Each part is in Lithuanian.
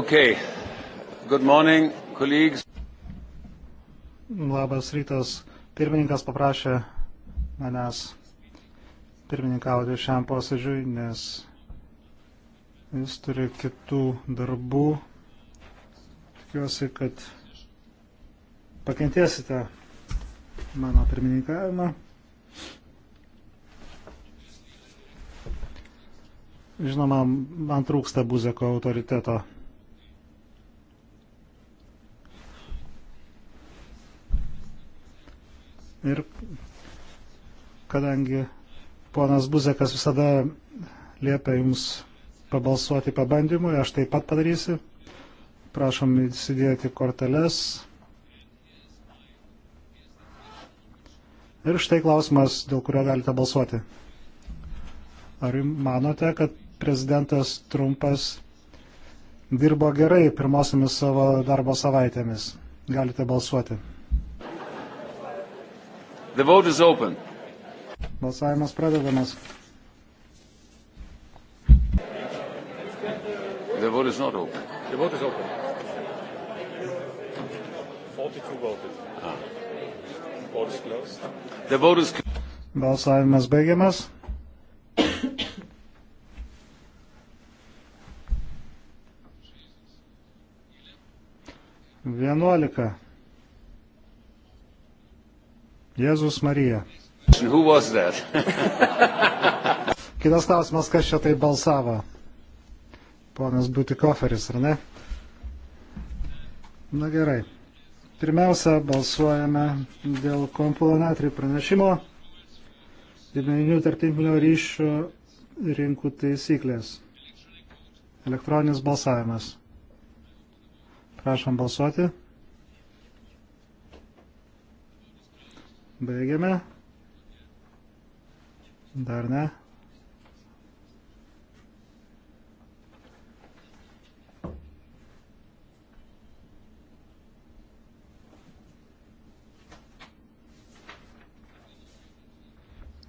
Okay. Good morning, colleagues. Labas rytas. Pirmininkas paprašė manęs pirmininkauti šiam posėdžiui, nes jis turi kitų darbų. Tikiuosi, kad pakentėsite mano pirmininkavimą. Žinoma, man trūksta Buzeko autoriteto Ir kadangi ponas Buzekas visada liepia jums pabalsuoti pabandymui, aš taip pat padarysiu. Prašom įsidėti korteles. Ir štai klausimas, dėl kurio galite balsuoti. Ar manote, kad prezidentas Trumpas dirbo gerai pirmosiamis savo darbo savaitėmis? Galite balsuoti. The vote is open. Balsavimas pradedamas. The vote is not open. The vote is open. 42 voted. Ah. Vote is closed. The vote is Balsavimas baigiamas. Vienuolika. Jėzus Marija. Kitas klausimas, kas čia tai balsavo? Ponas Butikoferis, ar ne? Na gerai. Pirmiausia, balsuojame dėl komponentų pranešimo didmeninių tarptinklinio ryšio rinkų taisyklės. Elektroninis balsavimas. Prašom balsuoti. Baigiame. Dar ne.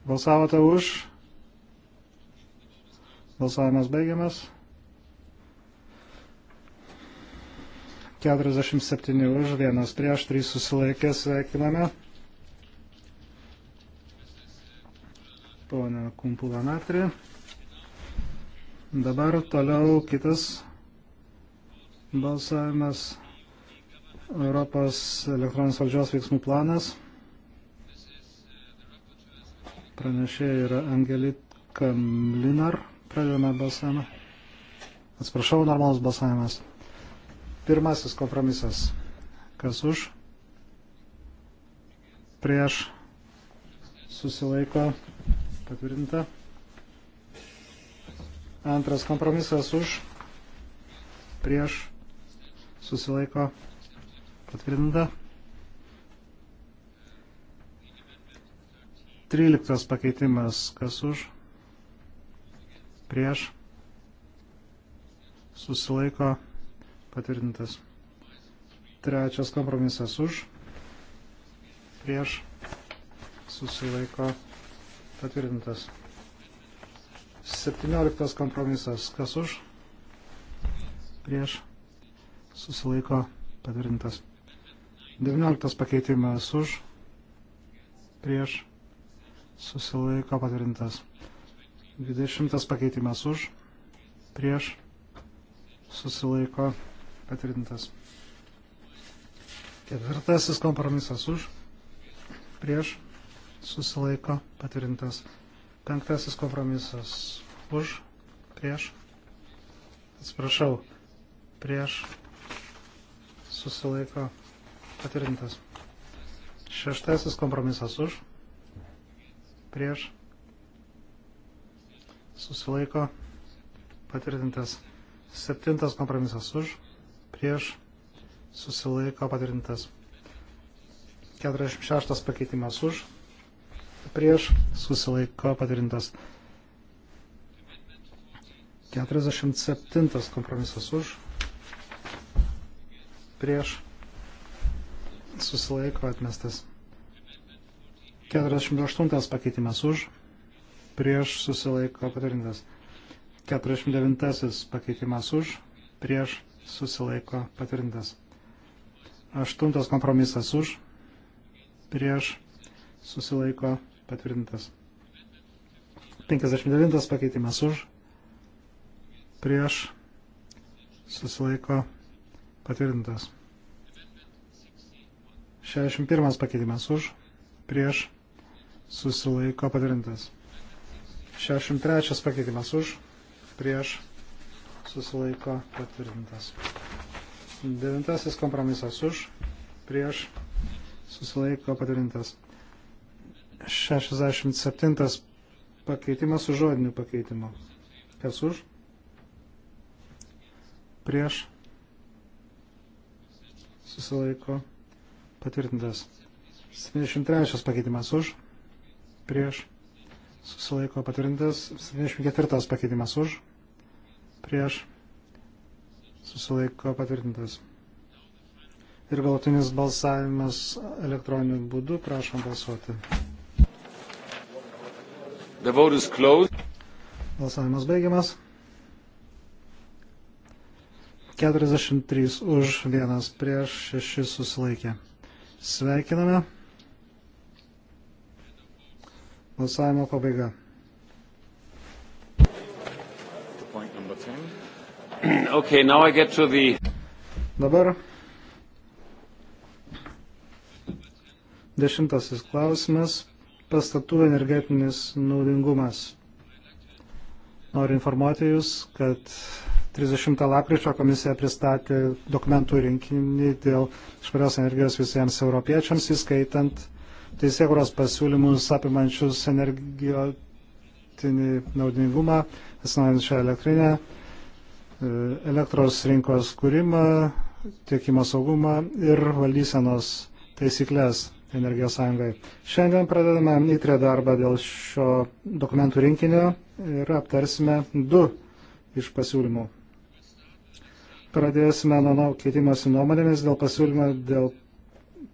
Balsavote už. Balsavimas baigiamas. 47 už, vienas prieš, trys susilaikė, sveikiname. poną Kumpulanatri. Dabar toliau kitas balsavimas Europos elektroninės valdžios veiksmų planas. Pranešė yra Angelika Mlinar. Pradedame balsavimą. Atsiprašau, normalus balsavimas. Pirmasis kompromisas. Kas už? Prieš susilaiko patvirtinta. Antras kompromisas už, prieš, susilaiko, patvirtinta. Tryliktas pakeitimas, kas už, prieš, susilaiko, patvirtintas. Trečias kompromisas už, prieš, susilaiko, patvirtinta Patvirtintas. 17 kompromisas. Kas už? Prieš. Susilaiko. Patvirtintas. 19 pakeitimas už. Prieš. Susilaiko. Patvirtintas. 20 pakeitimas už. Prieš. Susilaiko. Patvirtintas. Ketvirtasis kompromisas už. Prieš susilaiko patvirtintas. Penktasis kompromisas už, prieš, atsiprašau, prieš, susilaiko patvirtintas. Šeštasis kompromisas už, prieš, susilaiko patvirtintas. Septintas kompromisas už, prieš, susilaiko patvirtintas. 46 pakeitimas už, prieš susilaiko patvirtintas. 47 kompromisas už, prieš susilaiko atmestas. 48 pakeitimas už, prieš susilaiko patvirtintas. 49 pakeitimas už, prieš susilaiko patvirtintas. 8 kompromisas už, prieš susilaiko patvirtintas patvirtintas. 59 pakeitimas už, prieš, susilaiko, patvirtintas. 61 pakeitimas už, prieš, susilaiko, patvirtintas. 63 pakeitimas už, prieš, susilaiko, patvirtintas. Devintasis kompromisas už, prieš, susilaiko, patvirtintas. 67 pakeitimas su žodiniu pakeitimu. Kas už? Prieš susilaiko patvirtintas. 73 pakeitimas už, prieš, susilaiko patvirtintas. 74 pakeitimas už, prieš, susilaiko patvirtintas. Ir galutinis balsavimas elektroniniu būdu, prašom balsuoti. The vote is closed. Balsavimas baigiamas. 43 už, 1 prieš, 6 susilaikė. Sveikiname. Balsavimo pabaiga. Okay, now I get to the... Dabar dešimtasis klausimas pastatų energetinis naudingumas. Noriu informuoti Jūs, kad 30 lapkričio komisija pristatė dokumentų rinkinį dėl švarios energijos visiems europiečiams, įskaitant teisėkuros pasiūlymus apimančius energijotinį naudingumą, atsinaujančią elektrinę, e, elektros rinkos kūrimą, tiekimo saugumą ir valdysenos taisyklės energijos sąjungai. Šiandien pradedame įtrę darbą dėl šio dokumentų rinkinio ir aptarsime du iš pasiūlymų. Pradėsime nuo keitimosi nuomonėmis dėl pasiūlymo dėl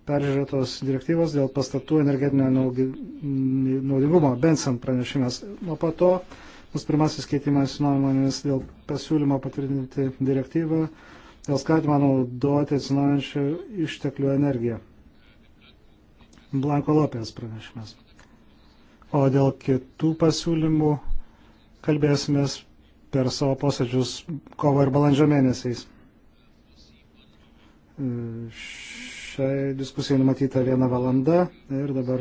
peržiūrėtos direktyvos dėl pastatų energetinio naudingumo, Benson pranešimas. O po to bus pirmasis keitimas nuomonės dėl pasiūlymo patvirtinti direktyvą dėl skatimo naudoti atsinaujančių išteklių energiją. Blanko Lopės pranešimas. O dėl kitų pasiūlymų kalbėsimės per savo posėdžius kovo ir balandžio mėnesiais. E, šiai diskusijai numatyta viena valanda ir dabar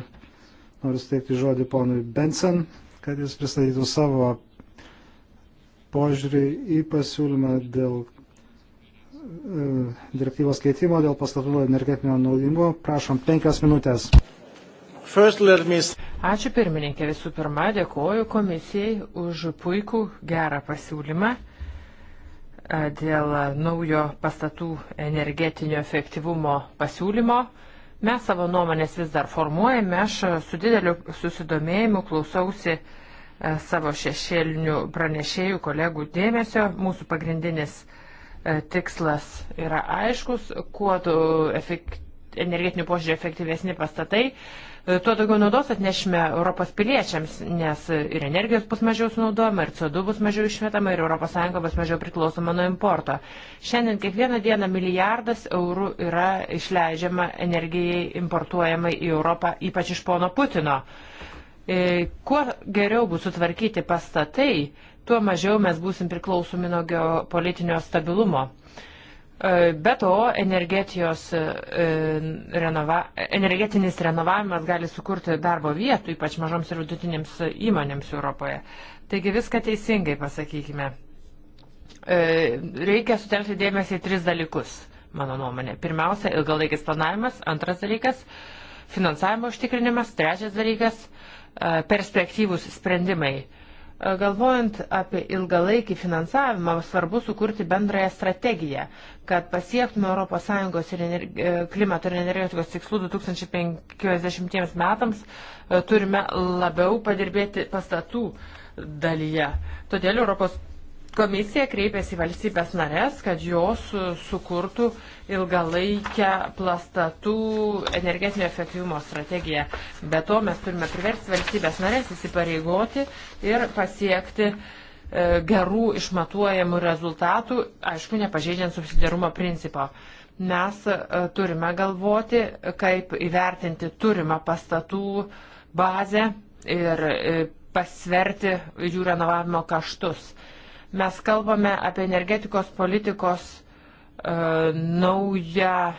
noriu steigti žodį ponui Benson, kad jis pristatytų savo požiūrį į pasiūlymą dėl Mm, direktyvos keitimo dėl pastatų energetinio naudingumo. Prašom, penkias minutės. Ačiū pirmininkė. Visų pirma, dėkoju komisijai už puikų gerą pasiūlymą e, dėl naujo pastatų energetinio efektyvumo pasiūlymo. Mes savo nuomonės vis dar formuojame. Aš su dideliu susidomėjimu klausausi e, savo šešėlinių pranešėjų kolegų dėmesio. Mūsų pagrindinis E, tikslas yra aiškus, kuo efekt, energetinių požiūrį efektyvesni pastatai, e, tuo daugiau naudos atnešime Europos piliečiams, nes ir energijos bus mažiau sunaudojama, ir CO2 bus mažiau išmetama, ir ES bus mažiau priklausoma nuo importo. Šiandien kiekvieną dieną milijardas eurų yra išleidžiama energijai importuojamai į Europą, ypač iš pono Putino e, kuo geriau bus sutvarkyti pastatai, tuo mažiau mes būsim priklausomi nuo geopolitinio stabilumo. E, be to, e, renova, energetinis renovavimas gali sukurti darbo vietų, ypač mažoms ir vidutinėms įmonėms Europoje. Taigi viską teisingai pasakykime. E, reikia sutelkti dėmesį į tris dalykus, mano nuomonė. Pirmiausia, ilgalaikis planavimas, antras dalykas, finansavimo užtikrinimas, trečias dalykas, perspektyvus sprendimai E, galvojant apie ilgalaikį finansavimą, svarbu sukurti bendrąją strategiją, kad pasiektume ES ir energi... E, klimato ir energetikos tikslų 2050 metams, e, turime labiau padirbėti pastatų dalyje. Todėl Europos Komisija kreipėsi valstybės narės, kad jos sukurtų ilgalaikę plastatų energetinio efektyvumo strategiją. Be to mes turime priversti valstybės narės įsipareigoti ir pasiekti e, gerų išmatuojamų rezultatų, aišku, nepažeidžiant subsidiarumo principo. Mes e, turime galvoti, kaip įvertinti turimą pastatų bazę ir e, pasverti jų renovavimo kaštus. Mes kalbame apie energetikos politikos uh, naują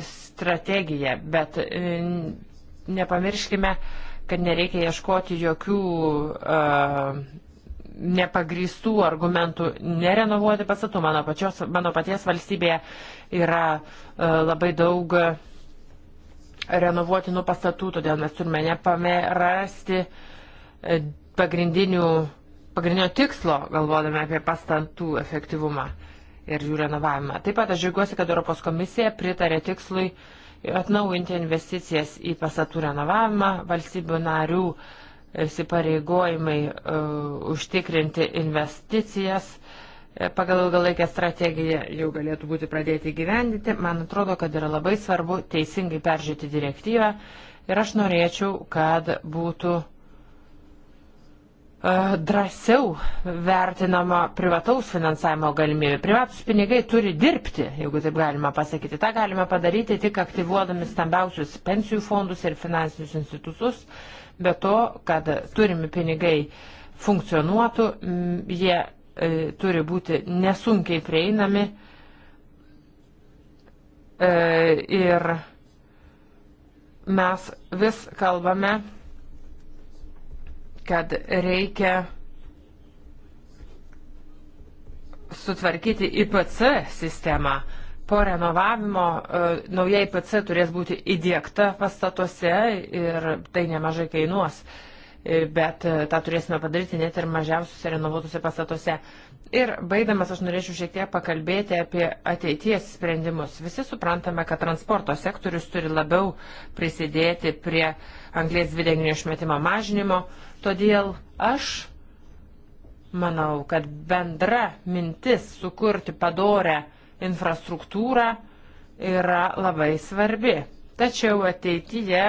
strategiją, bet e, nepamirškime, kad nereikia ieškoti jokių uh, nepagrįstų argumentų nerenovuoti pastatų. Mano, pačios, mano paties valstybėje yra uh, labai daug renovuotinų pastatų, todėl mes turime nepamirasti pagrindinių uh, pagrindinio tikslo, galvodami apie pastatų efektyvumą ir jų renovavimą. Taip pat aš žiūriuosi, kad Europos komisija pritarė tikslui atnaujinti investicijas į pastatų renovavimą valstybių narių įsipareigojimai uh, užtikrinti investicijas e, pagal ilgalaikę strategiją jau galėtų būti pradėti gyvendyti. Man atrodo, kad yra labai svarbu teisingai peržiūrėti direktyvą ir aš norėčiau, kad būtų E, drąsiau vertinama privataus finansavimo galimybė. Privatus pinigai turi dirbti, jeigu taip galima pasakyti. Ta galima padaryti tik aktyvuodami stambiausius pensijų fondus ir finansinius institutus, bet to, kad turimi pinigai funkcionuotų, jie e, turi būti nesunkiai prieinami e, ir mes vis kalbame kad reikia sutvarkyti IPC sistemą. Po renovavimo e, nauja IPC turės būti įdėkta pastatuose ir tai nemažai kainuos, e, bet e, tą turėsime padaryti net ir mažiausiuose renovuotuose pastatuose. Ir baigdamas aš norėčiau šiek tiek pakalbėti apie ateities sprendimus. Visi suprantame, kad transporto sektorius turi labiau prisidėti prie anglės dvideginio išmetimo mažinimo, Todėl aš manau, kad bendra mintis sukurti padorę infrastruktūrą yra labai svarbi. Tačiau ateityje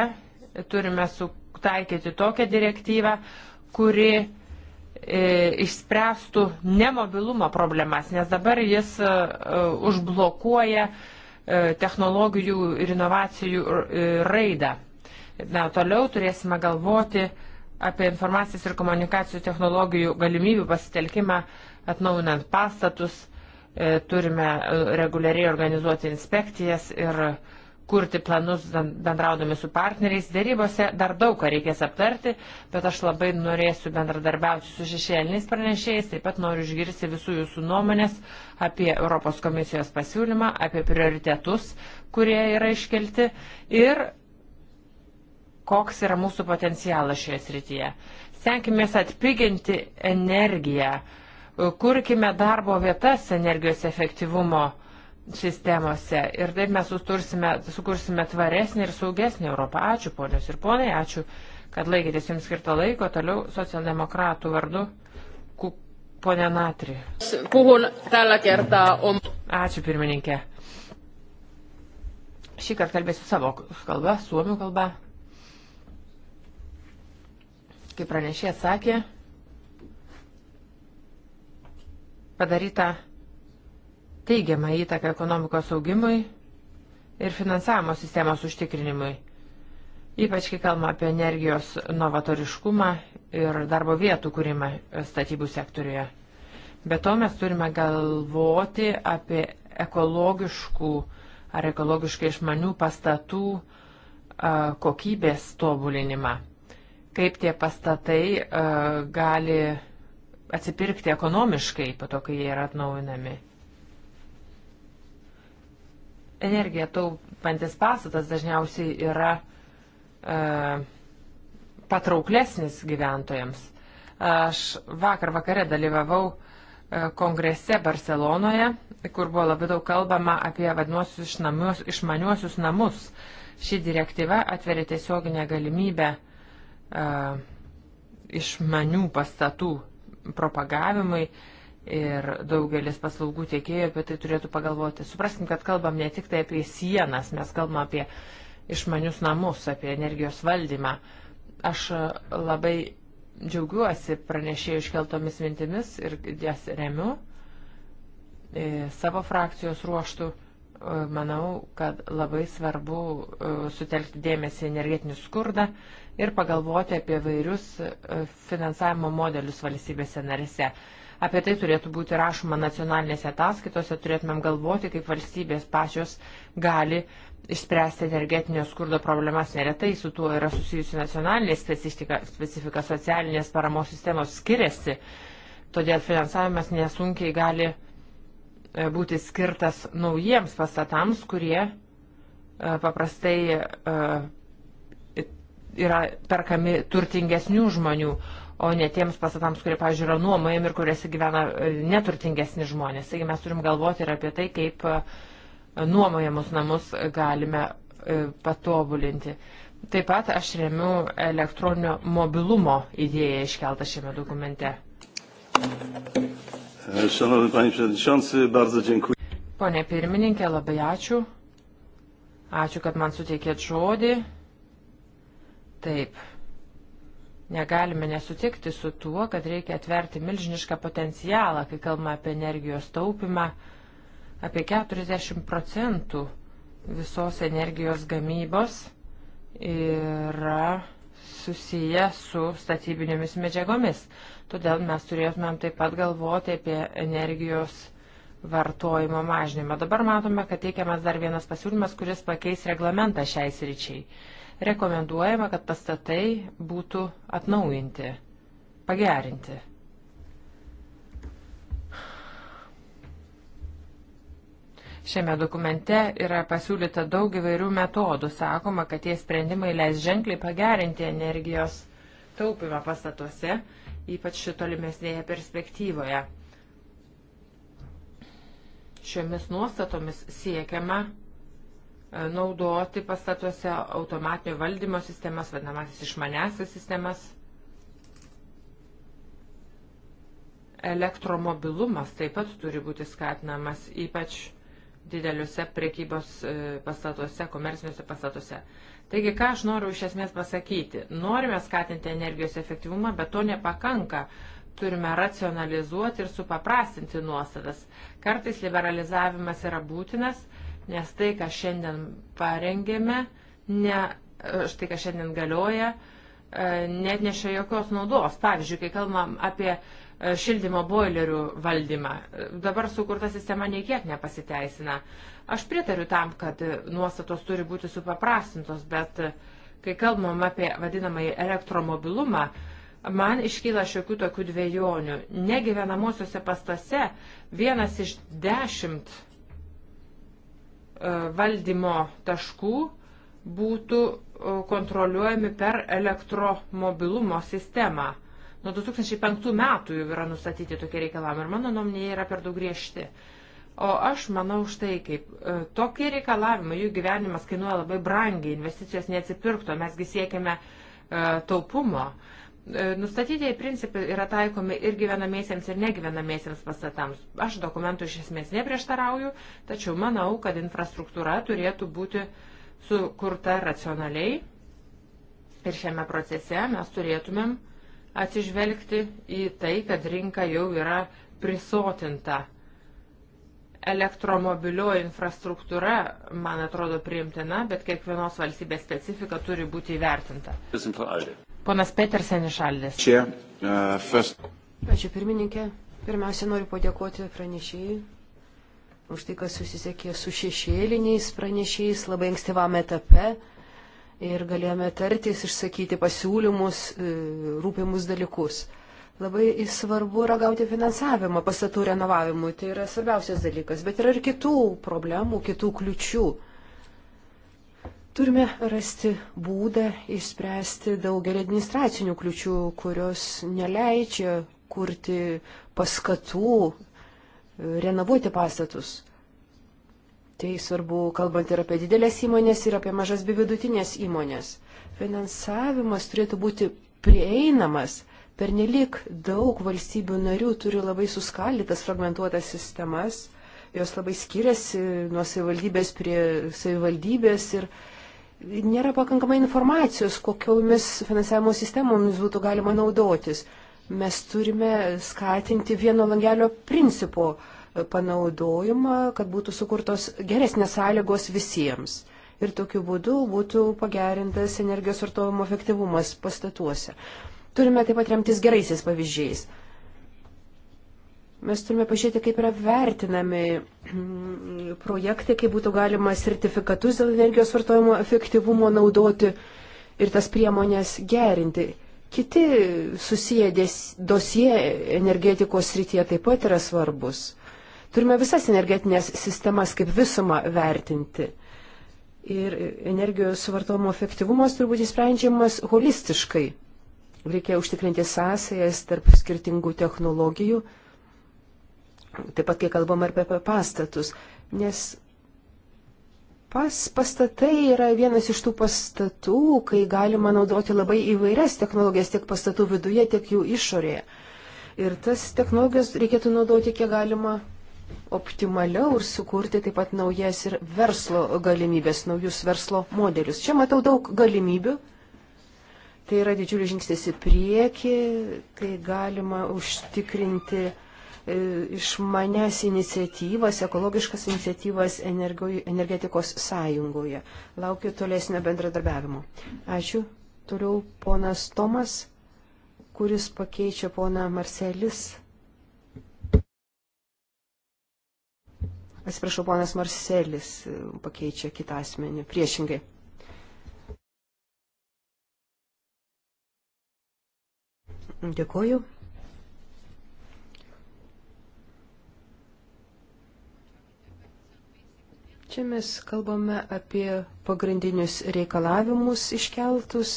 turime sutaikyti tokią direktyvą, kuri e, išspręstų nemobilumo problemas, nes dabar jis e, užblokuoja e, technologijų ir inovacijų e, raidą. Na, toliau turėsime galvoti, e, apie informacijos ir komunikacijų technologijų galimybių pasitelkimą, atnaujinant pastatus, e, turime e, reguliariai organizuoti inspekcijas ir kurti planus bendraudami su partneriais. Dėrybose dar daug ką reikės aptarti, bet aš labai norėsiu bendradarbiauti su šešėliniais pranešėjais, taip pat noriu išgirsti visų jūsų nuomonės apie Europos komisijos pasiūlymą, apie prioritetus, kurie yra iškelti ir koks yra mūsų potencialas šioje srityje. Senkimės atpiginti energiją, kurkime darbo vietas energijos efektyvumo sistemose ir taip mes sukursime tvaresnį ir saugesnį Europą. Ačiū ponios ir ponai, ačiū, kad laikytės jums skirto laiko. Toliau socialdemokratų vardu ponė Natri. Puhun tällä kertaa om... Ačiū pirmininkė. Šį kartą kalbėsiu savo kalbą, suomių kalbą kaip pranešė sakė, padaryta teigiamą įtaką ekonomikos augimui ir finansavimo sistemos užtikrinimui, ypač kai kalbama apie energijos novatoriškumą ir darbo vietų kūrimą statybų sektoriuje. Be to mes turime galvoti apie ekologiškų ar ekologiškai išmanių pastatų kokybės tobulinimą kaip tie pastatai uh, gali atsipirkti ekonomiškai po to, kai jie yra atnaujinami. Energija taupantis pastatas dažniausiai yra uh, patrauklesnis gyventojams. Aš vakar vakare dalyvavau uh, kongrese Barcelonoje, kur buvo labai daug kalbama apie vadinosius išmaniuosius namus. Ši direktyva atveria tiesioginę galimybę uh, išmanių pastatų propagavimui ir daugelis paslaugų tiekėjų apie tai turėtų pagalvoti. Supraskim, kad kalbam ne tik tai apie sienas, mes kalbam apie išmanius namus, apie energijos valdymą. Aš labai džiaugiuosi pranešėjų iškeltomis mintimis ir jas remiu e, savo frakcijos ruoštų. E, manau, kad labai svarbu e, sutelkti dėmesį energetinį skurdą ir pagalvoti apie vairius e, finansavimo modelius valstybėse narėse. Apie tai turėtų būti rašoma nacionalinėse ataskaitose, turėtumėm galvoti, kaip valstybės pačios gali išspręsti energetinio skurdo problemas. Neretai su tuo yra susijusi nacionalinė specifika, specifika socialinės paramos sistemos skiriasi, todėl finansavimas nesunkiai gali e, būti skirtas naujiems pastatams, kurie e, paprastai yra perkami turtingesnių žmonių, o ne tiems pastatams, kurie, pavyzdžiui, yra nuomojami ir kuriuose gyvena e, neturtingesni žmonės. Taigi mes turim galvoti ir apie tai, kaip e, nuomojamus namus galime e, patobulinti. Taip pat aš remiu elektroninio mobilumo idėją iškeltą šiame dokumente. Szanowny Panie Przewodniczący, bardzo dziękuję. Pone pirmininkė, labai ačiū. Ačiū, kad man suteikėt žodį. Taip. Negalime nesutikti su tuo, kad reikia atverti milžinišką potencialą, kai kalbame apie energijos taupimą. Apie 40 procentų visos energijos gamybos yra susiję su statybinėmis medžiagomis. Todėl mes turėtumėm taip pat galvoti apie energijos vartojimo mažinimą. Dabar matome, kad teikiamas dar vienas pasiūlymas, kuris pakeis reglamentą šiai sričiai rekomenduojama, kad pastatai būtų atnaujinti, pagerinti. Šiame dokumente yra pasiūlyta daug įvairių metodų. Sakoma, kad tie sprendimai leis ženkliai pagerinti energijos taupimą pastatuose, ypač šitolimesnėje perspektyvoje. Šiomis nuostatomis siekiama E, naudoti pastatuose automatinio valdymo sistemas, vadinamasis išmanesias sistemas. Elektromobilumas taip pat turi būti skatinamas, ypač dideliuose priekybos e, pastatuose, komerciniuose pastatuose. Taigi, ką aš noriu iš esmės pasakyti? Norime skatinti energijos efektyvumą, bet to nepakanka turime racionalizuoti ir supaprastinti nuostatas. Kartais liberalizavimas yra būtinas, nes tai, ką šiandien parengėme, ne, štai ką šiandien galioja, net neša jokios naudos. Pavyzdžiui, kai kalbam apie e, šildymo boilerių valdymą. E, dabar sukurta sistema niekiek nepasiteisina. Aš pritariu tam, kad nuostatos turi būti supaprastintos, bet e, kai kalbam apie vadinamąjį elektromobilumą, man iškyla šiokių tokių dviejonių. Negyvenamosiuose pastase vienas iš dešimt E, valdymo taškų būtų e, kontroliuojami per elektromobilumo sistemą. Nuo 2005 metų jau yra nustatyti tokie reikalavimai ir mano nuomonė yra per daug griežti. O aš manau štai kaip. E, tokie reikalavimai, jų gyvenimas kainuoja labai brangiai, investicijos neatsipirkto, mesgi siekiame taupumo. Uh, E, nustatytieji principai yra taikomi ir gyvenamiesiems, ir negyvenamiesiems pastatams. Aš dokumentų iš esmės neprieštarauju, tačiau manau, kad infrastruktūra turėtų būti sukurta racionaliai. Ir šiame procese mes turėtumėm atsižvelgti į tai, kad rinka jau yra prisotinta. Elektromobilio infrastruktūra, man atrodo, priimtina, bet kiekvienos valstybės specifika turi būti įvertinta. Ponas Petersen iš Aldės. Čia, uh, first... Ačiū pirmininkė. Pirmiausia, noriu padėkoti pranešėjai už tai, kas susisiekė su šešėliniais pranešėjais labai ankstyvame etape ir galėjome tartis, išsakyti pasiūlymus, e, rūpimus dalykus. Labai svarbu yra gauti finansavimą pastatų renovavimui, tai yra svarbiausias dalykas, bet yra ir kitų problemų, kitų kliučių Turime rasti būdą išspręsti daugelį administracinių kliučių, kurios neleidžia kurti paskatų, renovuoti pastatus. Tai svarbu, kalbant ir apie didelės įmonės, ir apie mažas bei vidutinės įmonės. Finansavimas turėtų būti prieinamas. Per nelik daug valstybių narių turi labai suskaldytas, fragmentuotas sistemas. Jos labai skiriasi nuo savivaldybės prie savivaldybės ir nėra pakankamai informacijos, kokiomis finansavimo sistemomis būtų galima naudotis. Mes turime skatinti vieno langelio principo e, panaudojimą, kad būtų sukurtos geresnės sąlygos visiems. Ir tokiu būdu būtų pagerintas energijos vartojimo efektyvumas pastatuose. Turime taip pat remtis geraisiais pavyzdžiais. Mes turime pažiūrėti, kaip yra vertinami projektai, kaip būtų galima sertifikatus dėl energijos vartojimo efektyvumo naudoti ir tas priemonės gerinti. Kiti susiję dosie energetikos srityje taip pat yra svarbus. Turime visas energetinės sistemas kaip visumą vertinti. Ir energijos vartojimo efektyvumas turbūt įsprendžiamas holistiškai. Reikia užtikrinti sąsajas tarp skirtingų technologijų Taip pat, kai kalbam apie pastatus, nes pas, pastatai yra vienas iš tų pastatų, kai galima naudoti labai įvairias technologijas tiek pastatų viduje, tiek jų išorėje. Ir tas technologijas reikėtų naudoti kiek galima optimaliau ir sukurti taip pat naujas ir verslo galimybės, naujus verslo modelius. Čia matau daug galimybių. Tai yra didžiulis žingsnis į priekį, kai galima užtikrinti E, išmanes iniciatyvas, ekologiškas iniciatyvas energetikos sąjungoje. Laukiu tolesnio bendradarbiavimo. Ačiū. Toliau ponas Tomas, kuris pakeičia poną Marcelis. Atsiprašau, ponas Marcelis pakeičia kitą asmenį. Priešingai. Dėkuoju. Čia mes kalbame apie pagrindinius reikalavimus iškeltus.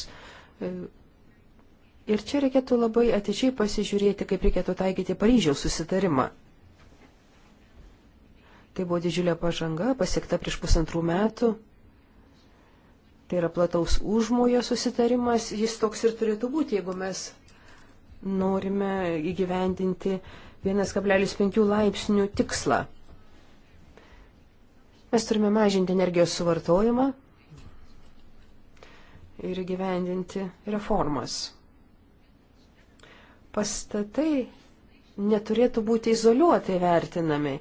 Ir čia reikėtų labai atidžiai pasižiūrėti, kaip reikėtų taikyti Paryžiaus susitarimą. Tai buvo didžiulė pažanga, pasiekta prieš pusantrų metų. Tai yra plataus užmojo susitarimas, jis toks ir turėtų būti, jeigu mes norime įgyvendinti 1,5 laipsnių tikslą. Mes turime mažinti energijos suvartojimą ir gyvendinti reformas. Pastatai neturėtų būti izoliuotai vertinami.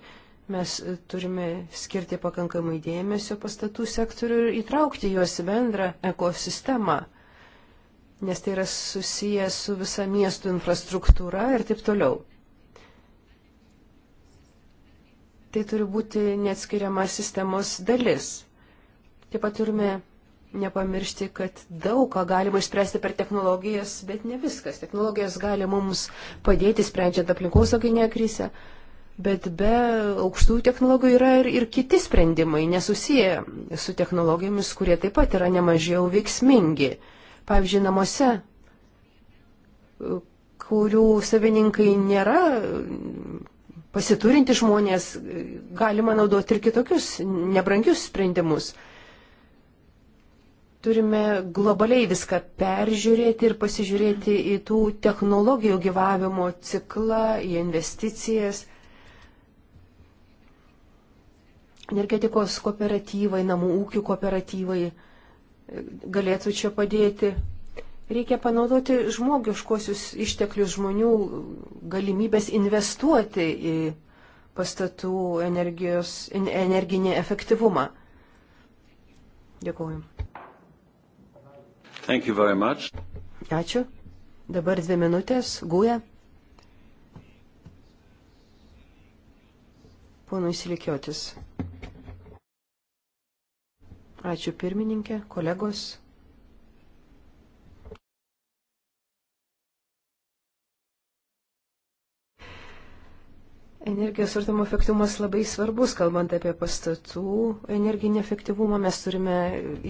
Mes turime skirti pakankamai dėmesio pastatų sektoriu ir įtraukti juos į bendrą ekosistemą, nes tai yra susiję su visa miestų infrastruktūra ir taip toliau. Tai turi būti neatskiriama sistemos dalis. Taip pat turime nepamiršti, kad daug ką galima išspręsti per technologijas, bet ne viskas. Technologijos gali mums padėti sprendžiant aplinkosauginę krizę, bet be aukštųjų technologijų yra ir, ir kiti sprendimai nesusiję su technologijomis, kurie taip pat yra nemažiau veiksmingi. Pavyzdžiui, namuose kurių savininkai nėra pasiturinti žmonės, galima naudoti ir kitokius nebrangius sprendimus. Turime globaliai viską peržiūrėti ir pasižiūrėti į tų technologijų gyvavimo ciklą, į investicijas. Energetikos kooperatyvai, namų ūkių kooperatyvai galėtų čia padėti. Reikia panaudoti žmogiškosius išteklius žmonių galimybės investuoti į pastatų energijos, energinį efektyvumą. Dėkuoju. Ačiū. Dabar dvi minutės. Guja. Pono įsilikiotis. Ačiū pirmininkė, kolegos. Energijos vartojimo efektyvumas labai svarbus, kalbant apie pastatų energinį efektyvumą, mes turime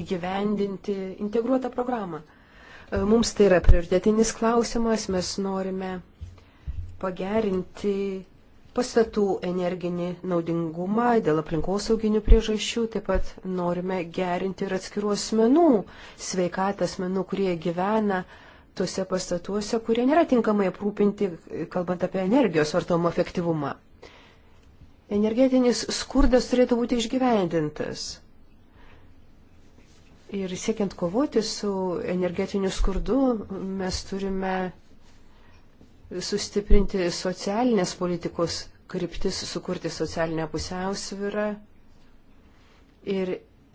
įgyvendinti integruotą programą. E, mums tai yra prioritetinis klausimas, mes norime pagerinti pastatų energinį naudingumą dėl aplinkosauginių priežasčių, taip pat norime gerinti ir atskirų asmenų sveikatą, asmenų, kurie gyvena tuose pastatuose, kurie nėra tinkamai aprūpinti, kalbant apie energijos vartojimo efektyvumą. Energetinis skurdas turėtų būti išgyvendintas. Ir siekiant kovoti su energetiniu skurdu, mes turime sustiprinti socialinės politikos kryptis, sukurti socialinę pusiausvyrą ir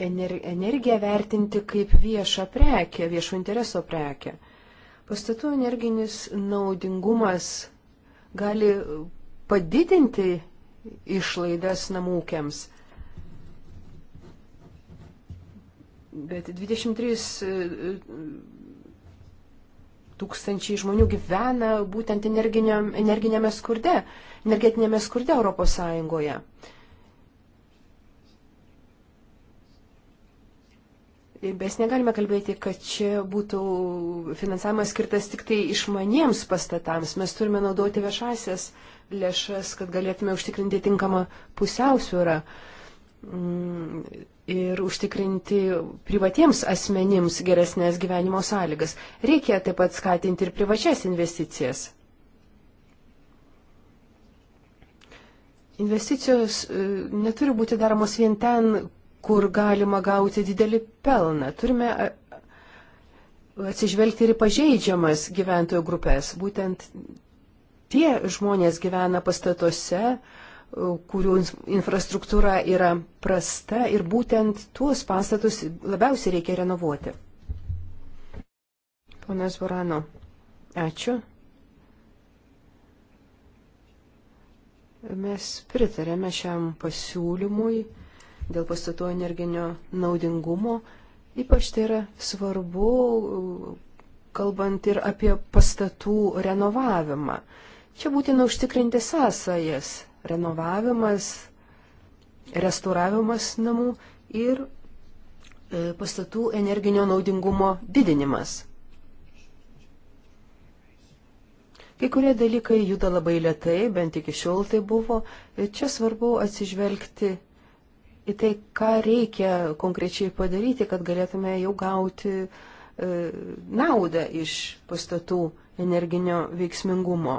energiją vertinti kaip viešą prekę, viešo intereso prekę. Pastatų energinis naudingumas gali padidinti išlaidas namūkiams. Bet 23 e, tūkstančiai žmonių gyvena būtent energinėme skurde, energetinėme skurde Europos Sąjungoje. Mes negalime kalbėti, kad čia būtų finansavimas skirtas tik tai išmaniems pastatams. Mes turime naudoti viešasias lėšas, kad galėtume užtikrinti tinkamą pusiausvyrą mm, ir užtikrinti privatiems asmenims geresnės gyvenimo sąlygas. Reikia taip pat skatinti ir privačias investicijas. Investicijos e, neturi būti daromos vien ten, kur galima gauti didelį pelną. Turime atsižvelgti ir pažeidžiamas gyventojų grupės. Būtent tie žmonės gyvena pastatuose, kurių infrastruktūra yra prasta ir būtent tuos pastatus labiausiai reikia renovuoti. Ponas Varano, ačiū. Mes pritarėme šiam pasiūlymui dėl pastatų energinio naudingumo. Ypač tai yra svarbu, kalbant ir apie pastatų renovavimą. Čia būtina užtikrinti sąsajas - renovavimas, restauravimas namų ir e, pastatų energinio naudingumo didinimas. Kai kurie dalykai juda labai lietai, bent iki šiol tai buvo. E, čia svarbu atsižvelgti į tai, ką reikia konkrečiai padaryti, kad galėtume jau gauti e, naudą iš pastatų energinio veiksmingumo.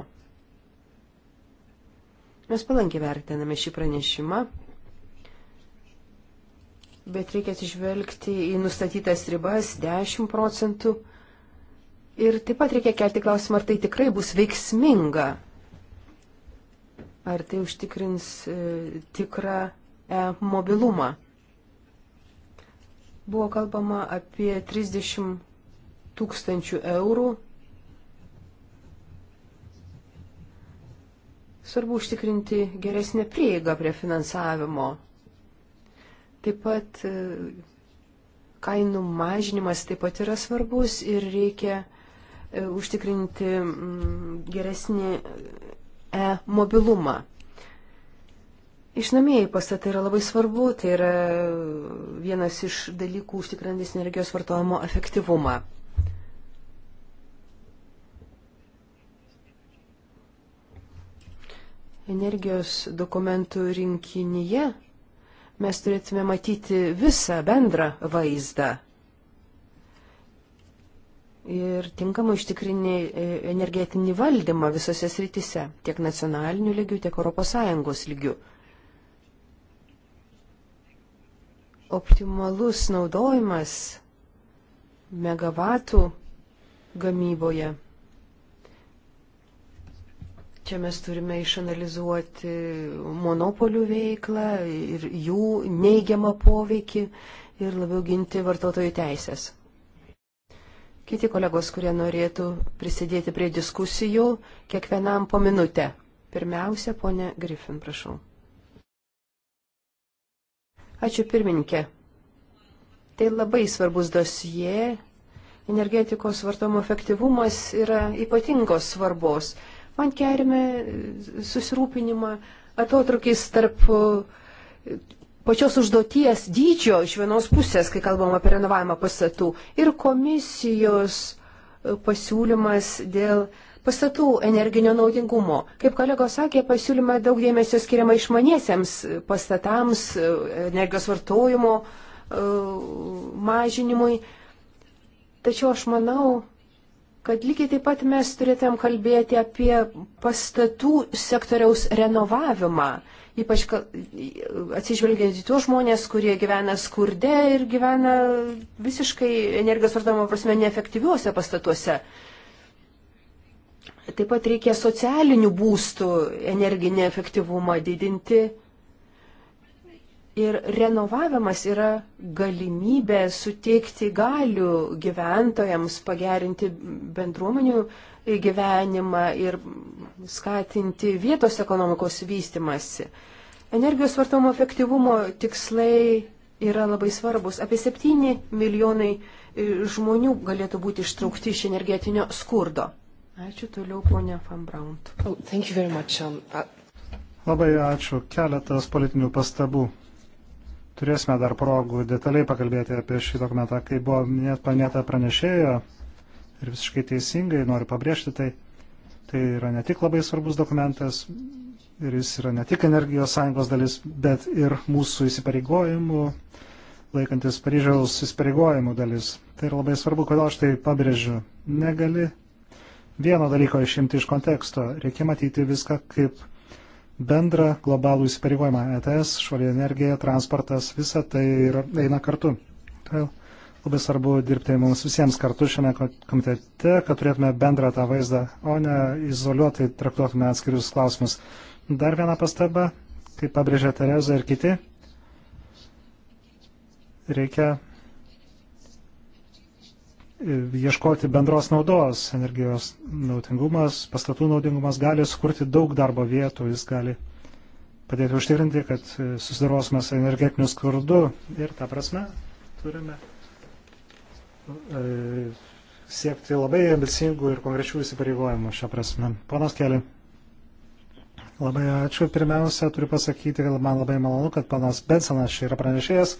Mes palankiai vertiname šį pranešimą, bet reikia atsižvelgti į nustatytas ribas 10 procentų. Ir taip pat reikia kelti klausimą, ar tai tikrai bus veiksminga, ar tai užtikrins e, tikrą E, mobilumą. Buvo kalbama apie 30 tūkstančių eurų. Svarbu užtikrinti geresnę prieigą prie finansavimo. Taip pat e, kainų mažinimas taip pat yra svarbus ir reikia e, užtikrinti mm, geresnį e-mobilumą. Išnamieji pastatai yra labai svarbu, tai yra e, vienas iš dalykų užtikrantis energijos vartojimo efektyvumą. Energijos dokumentų rinkinyje mes turėtume matyti visą bendrą vaizdą ir tinkamai užtikrinį e, energetinį valdymą visose srityse, tiek nacionalinių lygių, tiek ES lygių. optimalus naudojimas megavatų gamyboje. Čia mes turime išanalizuoti monopolių veiklą ir jų neigiamą poveikį ir labiau ginti vartotojų teisės. Kiti kolegos, kurie norėtų prisidėti prie diskusijų, kiekvienam po minutę. Pirmiausia, ponė Griffin, prašau. Ačiū pirmininkė. Tai labai svarbus dosie. Energetikos vartojimo efektyvumas yra ypatingos svarbos. Man kerime susirūpinimą atotrukis tarp e, pačios užduoties dydžio iš vienos pusės, kai kalbam apie renovavimą pastatų, ir komisijos e, pasiūlymas dėl pastatų energinio naudingumo. Kaip kolegos sakė, pasiūlyme daug dėmesio skiriama išmaniesiems pastatams, e, energijos vartojimo e, mažinimui. Tačiau aš manau, kad lygiai taip pat mes turėtumėm kalbėti apie pastatų sektoriaus renovavimą, ypač atsižvelgiant į tuos žmonės, kurie gyvena skurde ir gyvena visiškai energijos vartojimo prasme neefektyviuose pastatuose. Uh, Taip pat reikia socialinių būstų energinį efektyvumą didinti. Ir renovavimas yra galimybė suteikti galių gyventojams, pagerinti bendruomenių gyvenimą ir skatinti vietos ekonomikos vystimasi. Energijos vartojimo efektyvumo tikslai yra labai svarbus. Apie 7 milijonai žmonių galėtų būti ištraukti iš energetinio skurdo. Ačiū toliau, ponia Van Braunt. Oh, much, um, uh... Labai ačiū. Keletas politinių pastabų. Turėsime dar progų detaliai pakalbėti apie šį dokumentą. Kai buvo net panėta pranešėjo ir visiškai teisingai, noriu pabrėžti tai, tai yra ne tik labai svarbus dokumentas ir jis yra ne tik energijos sąjungos dalis, bet ir mūsų įsipareigojimų laikantis Paryžiaus įsipareigojimų dalis. Tai yra labai svarbu, kodėl aš tai pabrėžiu. Negali vieno dalyko išimti iš konteksto. Reikia matyti viską kaip bendrą globalų įsipareigojimą. ETS, švari energija, transportas, visa tai yra, eina kartu. Todėl labai svarbu dirbti mums visiems kartu šiame komitete, kad turėtume bendrą tą vaizdą, o ne izoliuotai traktuotume atskirius klausimus. Dar viena pastaba, kaip pabrėžė Tereza ir kiti, reikia ieškoti bendros naudos. Energijos naudingumas, pastatų naudingumas gali sukurti daug darbo vietų, jis gali padėti užtikrinti, kad susidarosime su energetiniu skurdu ir tą prasme turime e, siekti labai ambicingų ir konkrečių įsipareigojimų šią prasme. Ponas Keli. Labai ačiū. Pirmiausia, turiu pasakyti, kad man labai malonu, kad panas Bensonas čia yra pranešėjas,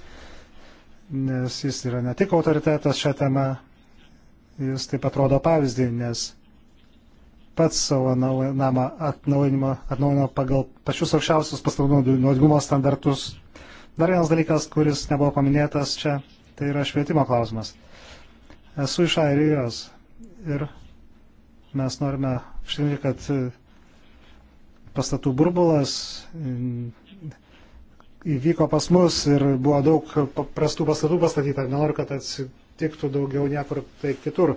nes jis yra ne tik autoritetas šią temą, jis taip atrodo pavyzdį, nes pats savo namą atnaujino pagal pačius aukščiausius paslaugų nuodgumo standartus. Dar vienas dalykas, kuris nebuvo paminėtas čia, tai yra švietimo klausimas. Esu iš Airijos ir mes norime užtikrinti, kad e, pastatų burbulas įvyko pas mus ir buvo daug prastų pastatų pastatyta. Nenoriu, kad atsi, tiktų daugiau niekur tai kitur.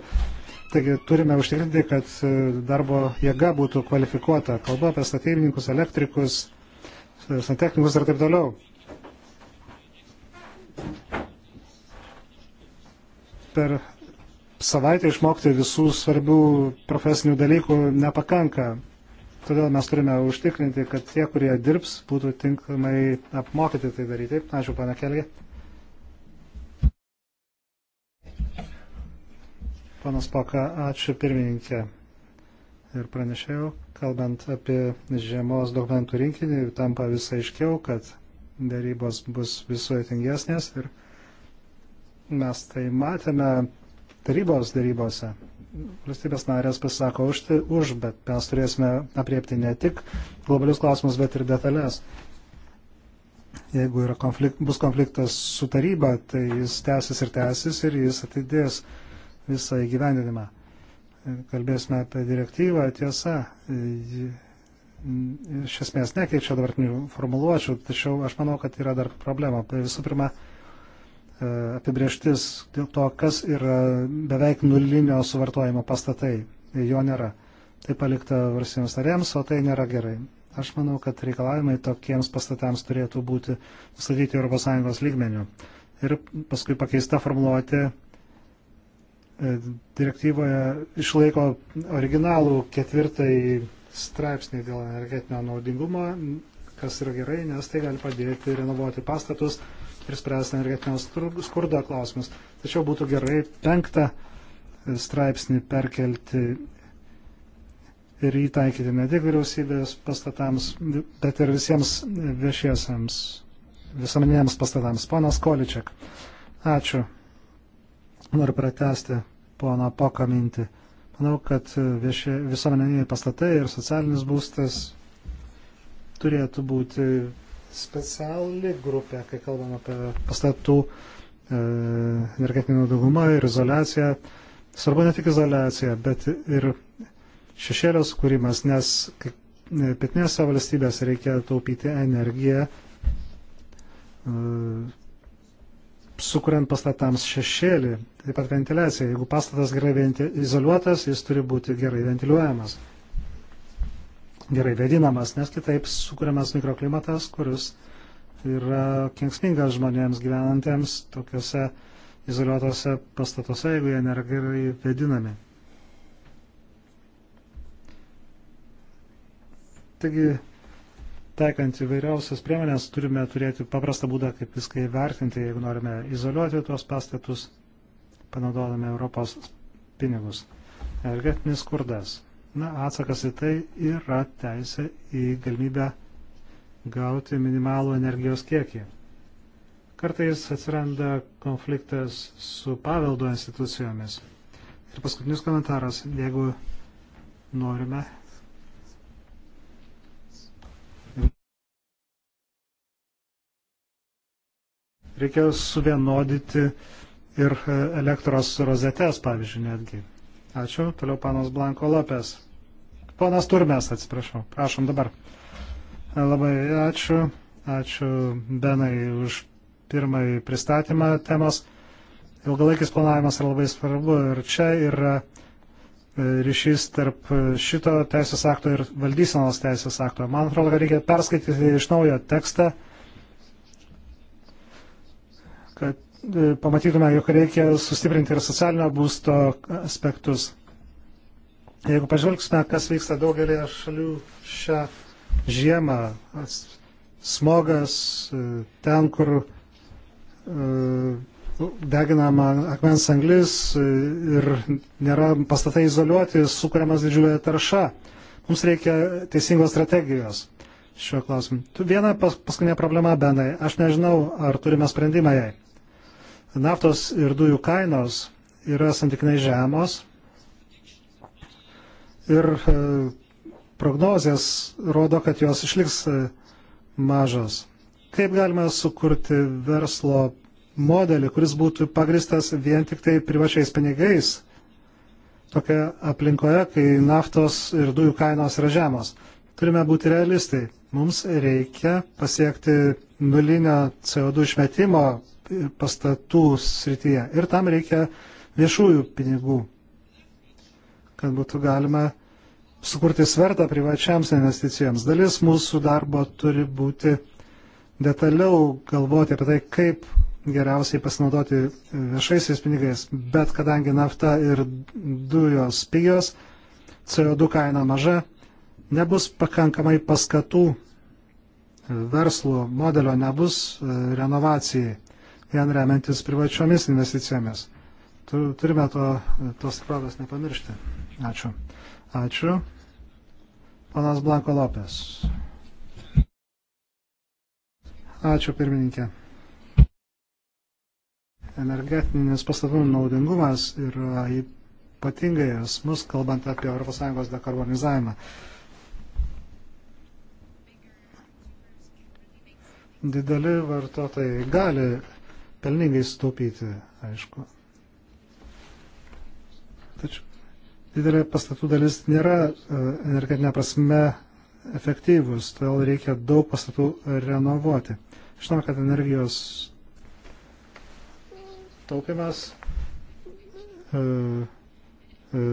Taigi turime užtikrinti, kad e, darbo jėga būtų kvalifikuota. Kalba apie statybininkus, elektrikus, e, santechnikus ir taip toliau. Per savaitę išmokti visų svarbių profesinių dalykų nepakanka. Todėl mes turime užtikrinti, kad tie, kurie dirbs, būtų tinkamai apmokyti tai daryti. Ačiū, pana Kelgė. Panas Poka, ačiū pirmininkė. Ir pranešėjau, kalbant apie žiemos dokumentų rinkinį, tampa visai aiškiau, kad dėrybos bus visuotingesnės ir mes tai matėme tarybos dėrybose. Valstybės narės pasisako už, tai, už, bet mes turėsime apriepti ne tik globalius klausimus, bet ir detalės. Jeigu konflikt, bus konfliktas su taryba, tai jis tęsis ir tęsis ir jis atidės visą įgyvendinimą. Kalbėsime apie direktyvą, tiesa, iš esmės nekeičia dabartinių formuluočių, tačiau aš manau, kad yra dar problema. Tai visų pirma, e, apibrieštis dėl to, kas yra beveik nulinio suvartojimo pastatai. Jo nėra. Tai palikta varsiems narėms, o tai nėra gerai. Aš manau, kad reikalavimai tokiems pastatams turėtų būti nustatyti ES lygmenių. Ir paskui pakeista formuluoti E, direktyvoje išlaiko originalų ketvirtąjį straipsnį dėl energetinio naudingumo, kas yra gerai, nes tai gali padėti renovuoti pastatus ir spręsti energetinio skurdo klausimus. Tačiau būtų gerai penktą straipsnį perkelti ir įtaikyti ne tik vyriausybės pastatams, bet ir visiems viešiesiams, visuomeniniams pastatams. Ponas Količiak, ačiū. Noriu pratesti pono Poka mintį. Manau, kad visuomeniniai pastatai ir socialinis būstas turėtų būti speciali grupė, kai kalbam apie pastatų e, energetinį naudingumą ir izolaciją. Svarbu ne tik izolacija, bet ir šešėlio sukūrimas, nes e, pietinėse valstybėse reikia taupyti energiją e, sukuriant pastatams šešėlį, taip pat ventiliaciją. Jeigu pastatas gerai izoliuotas, jis turi būti gerai ventiliuojamas, gerai vedinamas, nes kitaip sukuriamas mikroklimatas, kuris yra kenksmingas žmonėms gyvenantiems tokiuose izoliuotose pastatuose, jeigu jie nėra gerai vedinami. Taigi taikant įvairiausias priemonės, turime turėti paprastą būdą, kaip viską įvertinti, jeigu norime izoliuoti tuos pastatus, panaudodami Europos pinigus. Energetinis skurdas. Na, atsakas į tai yra teisė į galimybę gauti minimalų energijos kiekį. Kartais atsiranda konfliktas su paveldo institucijomis. Ir paskutinis komentaras, jeigu norime Reikėjo suvienodyti ir e, elektros rozetės, pavyzdžiui, netgi. Ačiū. Toliau panas Blanko Lopes. Ponas Turmes, atsiprašau. Prašom dabar. E, labai ačiū. Ačiū Benai už pirmąjį pristatymą temos. Ilgalaikis planavimas yra labai svarbu ir čia yra e, ryšys tarp šito teisės akto ir valdysenos teisės akto. Man atrodo, kad reikia perskaityti iš naujo tekstą kad e, pamatytume, jog reikia sustiprinti ir socialinio būsto aspektus. Jeigu pažvelgsime, kas vyksta daugelėje šalių šią žiemą, smogas e, ten, kur e, deginama akmens anglis ir nėra pastatai izoliuoti, sukuriamas didžiulė tarša. Mums reikia teisingos strategijos šiuo klausimu. Viena paskutinė problema, Benai, aš nežinau, ar turime sprendimą jai naftos ir dujų kainos yra santykinai žemos ir e, prognozijas rodo, kad jos išliks e, mažos. Kaip galima sukurti verslo modelį, kuris būtų pagristas vien tik tai privačiais pinigais, tokia aplinkoje, kai naftos ir dujų kainos yra žemos. Turime būti realistai. Mums reikia pasiekti nulinio CO2 išmetimo pastatų srityje. Ir tam reikia viešųjų pinigų, kad būtų galima sukurti svertą privačiams investicijoms. Dalis mūsų darbo turi būti detaliau galvoti apie tai, kaip geriausiai pasinaudoti viešaisiais pinigais, bet kadangi nafta ir dujos pigios, CO2 kaina maža, nebus pakankamai paskatų verslo modelio, nebus e, renovacijai vien remiantis privačiomis investicijomis. Turime to, tos tikrovės nepamiršti. Ačiū. Ačiū. Panas Blanko Lopės. Ačiū pirmininkė. Energetinis pastatų naudingumas yra ypatingai esmus, kalbant apie ES dekarbonizavimą. dideli vartotojai gali pelningai sutaupyti, aišku. Tačiau didelė pastatų dalis nėra e, energetinė prasme efektyvus, todėl reikia daug pastatų renovuoti. Žinoma, kad energijos taupimas e, e,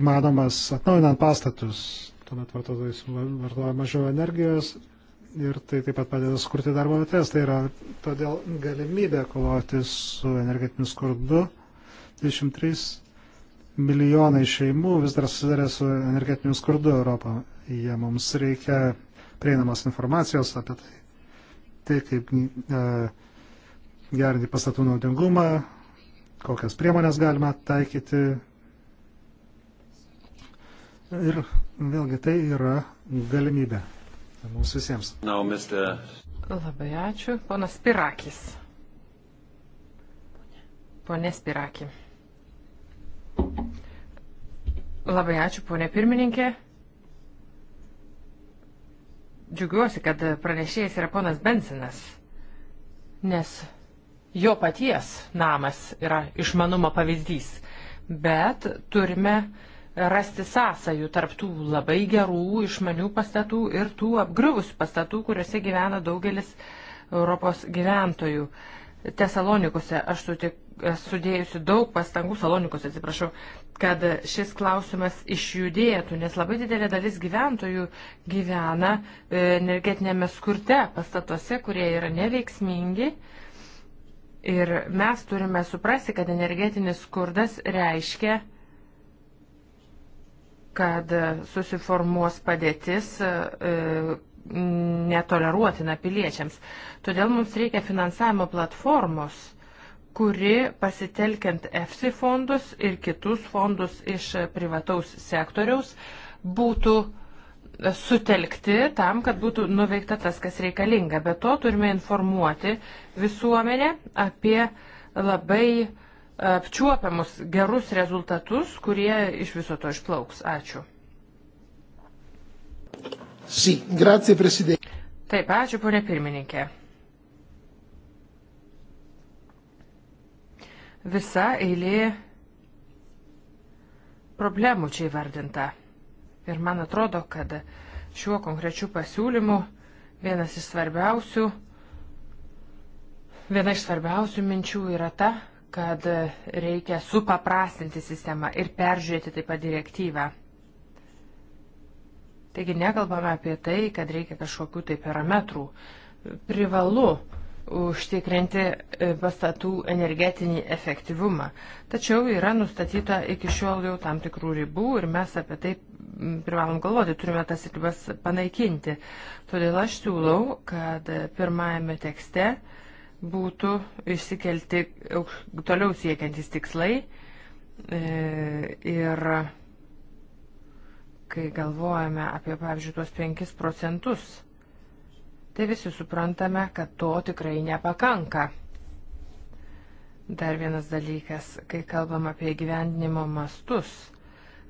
įmanomas atnaujinant pastatus, tuomet vartotojai vartoja mažiau energijos ir tai taip pat padeda skurti darbo vietas. Tai yra todėl galimybė kovoti su energetiniu skurdu. 23 milijonai šeimų vis dar susidarė su energetiniu skurdu Europą. Jie mums reikia prieinamos informacijos apie tai. Tai kaip e, gerinti pastatų naudingumą, kokias priemonės galima taikyti. Ir vėlgi tai yra galimybė mums visiems. No, mister... Labai ačiū. Ponas Pirakis. Pone Spirakį. Labai ačiū, ponė pirmininkė. Džiugiuosi, kad pranešėjas yra ponas Bensinas, nes jo paties namas yra išmanumo pavyzdys. Bet turime uh, rasti sąsajų tarptų labai gerų, išmanių pastatų ir tų apgriuvusių pastatų, kuriuose gyvena daugelis Europos gyventojų. Tesalonikose aš sutik, sudėjusi daug pastangų, Salonikose atsiprašau, kad šis klausimas išjudėtų, nes labai didelė dalis gyventojų gyvena e, energetinėme skurte pastatuose, kurie yra neveiksmingi. Ir mes turime suprasti, kad energetinis skurdas reiškia, kad susiformuos padėtis e, netoleruotina piliečiams. Todėl mums reikia finansavimo platformos, kuri pasitelkiant EFSI fondus ir kitus fondus iš privataus sektoriaus būtų sutelkti tam, kad būtų nuveikta tas, kas reikalinga. Be to turime informuoti visuomenę apie labai uh, apčiuopiamus gerus rezultatus, kurie iš viso to išplauks. Ačiū. Sì, grazie Presidente. Taip, ačiū ponė pirmininkė. Visa eilė problemų čia įvardinta. Ir man atrodo, kad šiuo konkrečiu pasiūlymu vienas iš svarbiausių, viena iš svarbiausių minčių yra ta, kad reikia supaprastinti sistemą ir peržiūrėti taip pat direktyvą. Taigi nekalbame apie tai, kad reikia kažkokių tai parametrų. Privalu užtikrinti e, pastatų energetinį efektyvumą. Tačiau yra nustatyta iki šiol jau tam tikrų ribų ir mes apie tai privalom galvoti, turime tas ribas panaikinti. Todėl aš siūlau, kad pirmajame tekste uh, būtų išsikelti toliau siekiantys tikslai e, ir kai galvojame apie, pavyzdžiui, tuos 5 procentus, tai visi suprantame, kad to tikrai nepakanka. Dar vienas dalykas, kai kalbam apie gyvendinimo mastus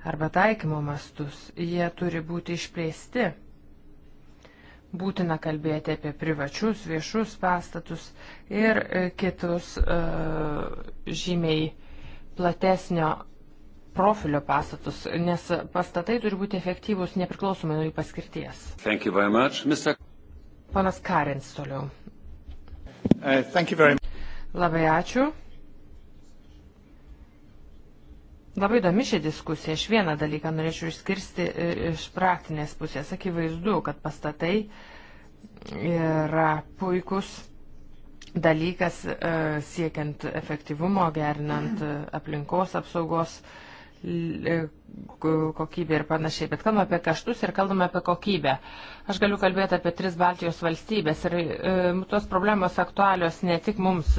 arba taikymo mastus, jie turi būti išplėsti Būtina kalbėti apie privačius, viešus pastatus ir e, kitus e, žymiai platesnio profilio pastatus, nes pastatai turi būti efektyvūs nepriklausomai nuo jų paskirties. Much, Mr... Panas Karins toliau. Uh, Labai ačiū. Labai įdomi ši diskusija. Aš vieną dalyką norėčiau išskirsti e, iš praktinės pusės. Akivaizdu, kad pastatai yra puikus dalykas e, siekiant efektyvumo, gerinant e, aplinkos apsaugos kokybę ir panašiai, bet kalbame apie kaštus ir kalbame apie kokybę. Aš galiu kalbėti apie tris Baltijos valstybės ir e, tos problemos aktualios ne tik mums,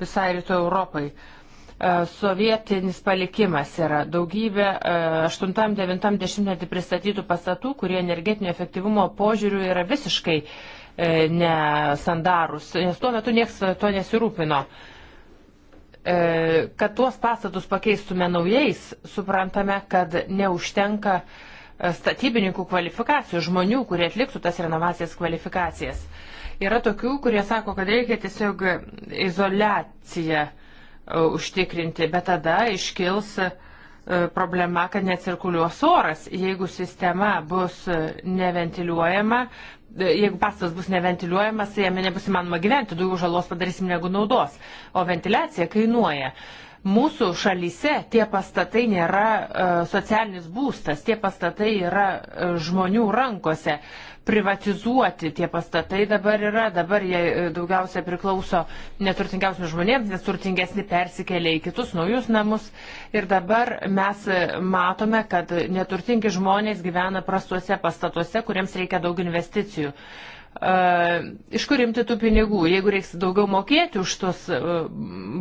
visai rytų Europai. E, E, sovietinis palikimas yra daugybė 8-9-10 e, pristatytų pastatų, kurie energetinio efektyvumo požiūrių yra visiškai e, nesandarus, nes tuo metu niekas to nesirūpino. Kad tuos pastatus pakeistume naujais, suprantame, kad neužtenka statybininkų kvalifikacijų, žmonių, kurie atliktų tas renovacijas kvalifikacijas. Yra tokių, kurie sako, kad reikia tiesiog izolaciją uh, užtikrinti, bet tada iškils e, problema, kad necirkuliuos oras. Jeigu sistema bus e, neventiliuojama, e, jeigu pastas bus neventiliuojamas, tai jame nebus įmanoma gyventi, daugiau žalos padarysim negu naudos. O ventiliacija kainuoja mūsų šalyse tie pastatai nėra socialinis būstas, tie pastatai yra žmonių rankose privatizuoti tie pastatai dabar yra, dabar jie e, daugiausia priklauso neturtingiausiams žmonėms, nes turtingesni persikelia į kitus naujus namus ir dabar mes e, matome, kad neturtingi žmonės gyvena prastuose pastatuose, kuriems reikia daug investicijų. E, iš kur imti tų pinigų, jeigu reiks daugiau mokėti už tuos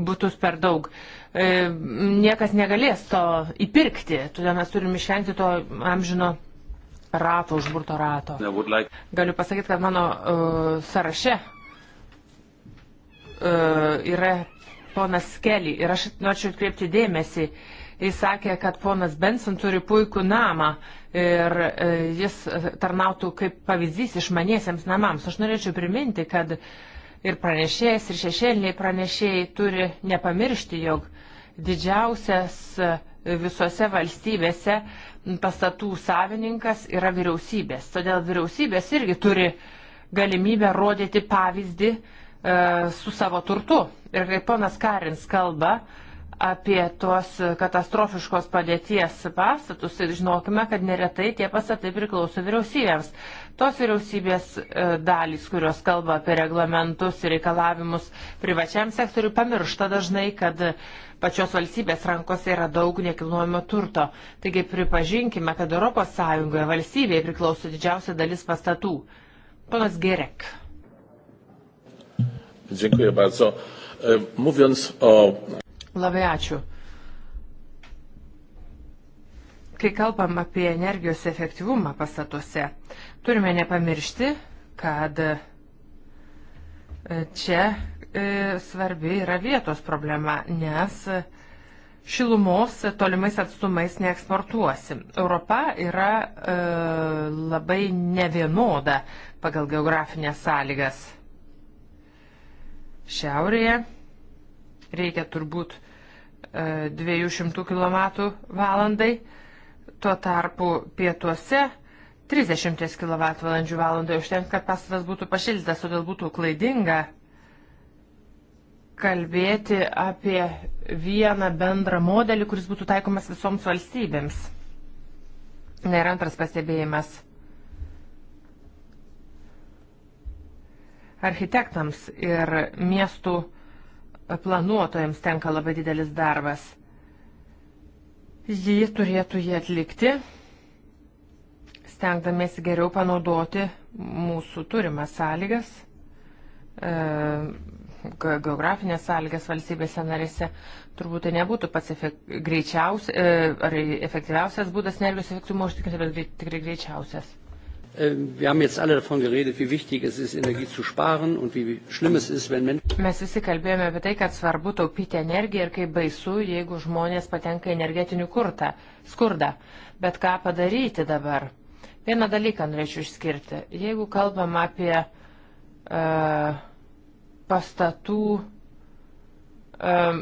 būtus per daug, niekas negalės to įpirkti, todėl mes turim išvengti to amžino rato, užburto rato. Galiu pasakyti, kad mano uh, sąraše uh, yra ponas Kelly ir aš norėčiau atkreipti dėmesį. Jis sakė, kad ponas Benson turi puikų namą ir uh, jis tarnautų kaip pavyzdys išmaniesiems namams. Aš norėčiau priminti, kad ir pranešėjas, ir šešėliniai pranešėjai turi nepamiršti, jog didžiausias uh, visose valstybėse pastatų savininkas yra vyriausybės. Todėl vyriausybės irgi turi galimybę rodyti pavyzdį e, su savo turtu. Ir kaip ponas Karins kalba, e, apie tuos katastrofiškos padėties pastatus ir žinokime, kad neretai tie pastatai priklauso vyriausybėms. Tos vyriausybės e, dalys, kurios kalba apie reglamentus ir reikalavimus privačiam sektoriu, pamiršta dažnai, kad pačios valstybės rankose yra daug nekilnojamo turto. Taigi pripažinkime, kad ES valstybėje priklauso didžiausia dalis pastatų. Ponas Gerek. Dziękuję bardzo. E, mówiąc o Labai ačiū. Kai kalbam apie energijos efektyvumą pastatuose, turime nepamiršti, kad e, čia e, svarbi yra vietos problema, nes šilumos tolimais atstumais neeksportuosim. Europa yra e, labai nevienoda pagal geografinės sąlygas. Šiaurėje reikia turbūt 200 km valandai, tuo tarpu pietuose 30 kWh valandai užtenka, kad pastatas būtų pašildytas, todėl būtų klaidinga kalbėti apie vieną bendrą modelį, kuris būtų taikomas visoms valstybėms. Na ir antras pastebėjimas. Architektams ir miestų planuotojams tenka labai didelis darbas. Jį turėtų jį atlikti, stengdamiesi geriau panaudoti mūsų turimas sąlygas, e, geografinės sąlygas valstybėse narėse. Turbūt tai nebūtų pats efek, greičiausias e, ar efektyviausias būdas energijos efektyvumo užtikrinti, bet tikrai greičiausias. Äh, wir haben jetzt alle davon geredet, wie wichtig es ist, Energie zu sparen und wie schlimm es ist, wenn Menschen. Mes visi kalbėjome apie tai, kad svarbu taupyti energiją ir kaip baisu, jeigu žmonės patenka energetinių kurtą, skurdą. Bet ką padaryti dabar? Vieną dalyką norėčiau išskirti. Jeigu kalbam apie uh, pastatų um,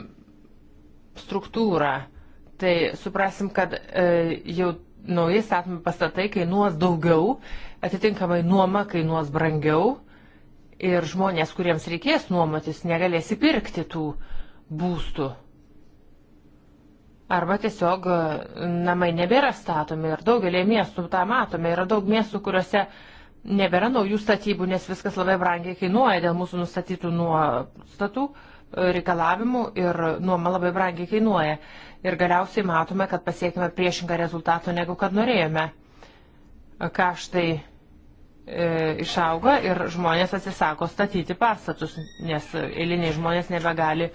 struktūrą, tai suprasim, kad uh, jau naujai statomi pastatai kainuos daugiau Atitinkamai nuoma kainuos brangiau ir žmonės, kuriems reikės nuomotis, negalės įpirkti tų būstų. Arba tiesiog e, namai nebėra statomi ir daugelį miestų tą matome. Yra daug miestų, kuriuose nebėra naujų statybų, nes viskas labai brangiai kainuoja dėl mūsų nustatytų nuostatų e, reikalavimų ir nuoma labai brangiai kainuoja. Ir galiausiai matome, kad pasiekime priešingą rezultatą, negu kad norėjome kaštai e, išauga ir žmonės atsisako statyti pastatus, nes eiliniai žmonės nebegali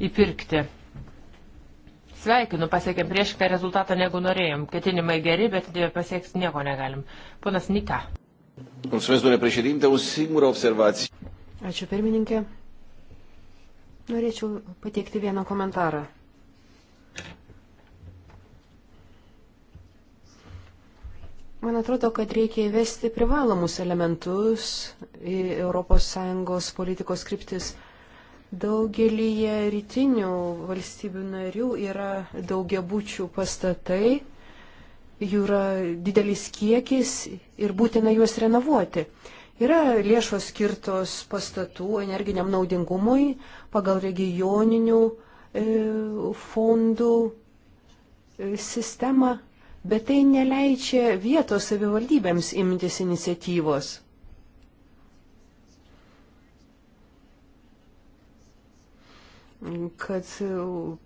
įpirkti. Sveikinu, pasiekėm priešingą rezultatą, negu norėjom. Ketinimai geri, bet pasieks nieko negalim. Ponas Nika. Mulțumesc, domnule președinte, o singură observație. Ačiū pirmininkė. Norėčiau pateikti vieną komentarą. Man atrodo, kad reikia įvesti privalomus elementus į ES politikos kryptis. Daugelį rytinių valstybių narių yra daugiabučių pastatai, jų yra didelis kiekis ir būtina juos renovuoti. Yra lėšos skirtos pastatų energiniam naudingumui pagal regioninių e, fondų e, sistemą bet tai neleidžia vietos savivaldybėms imtis iniciatyvos. kad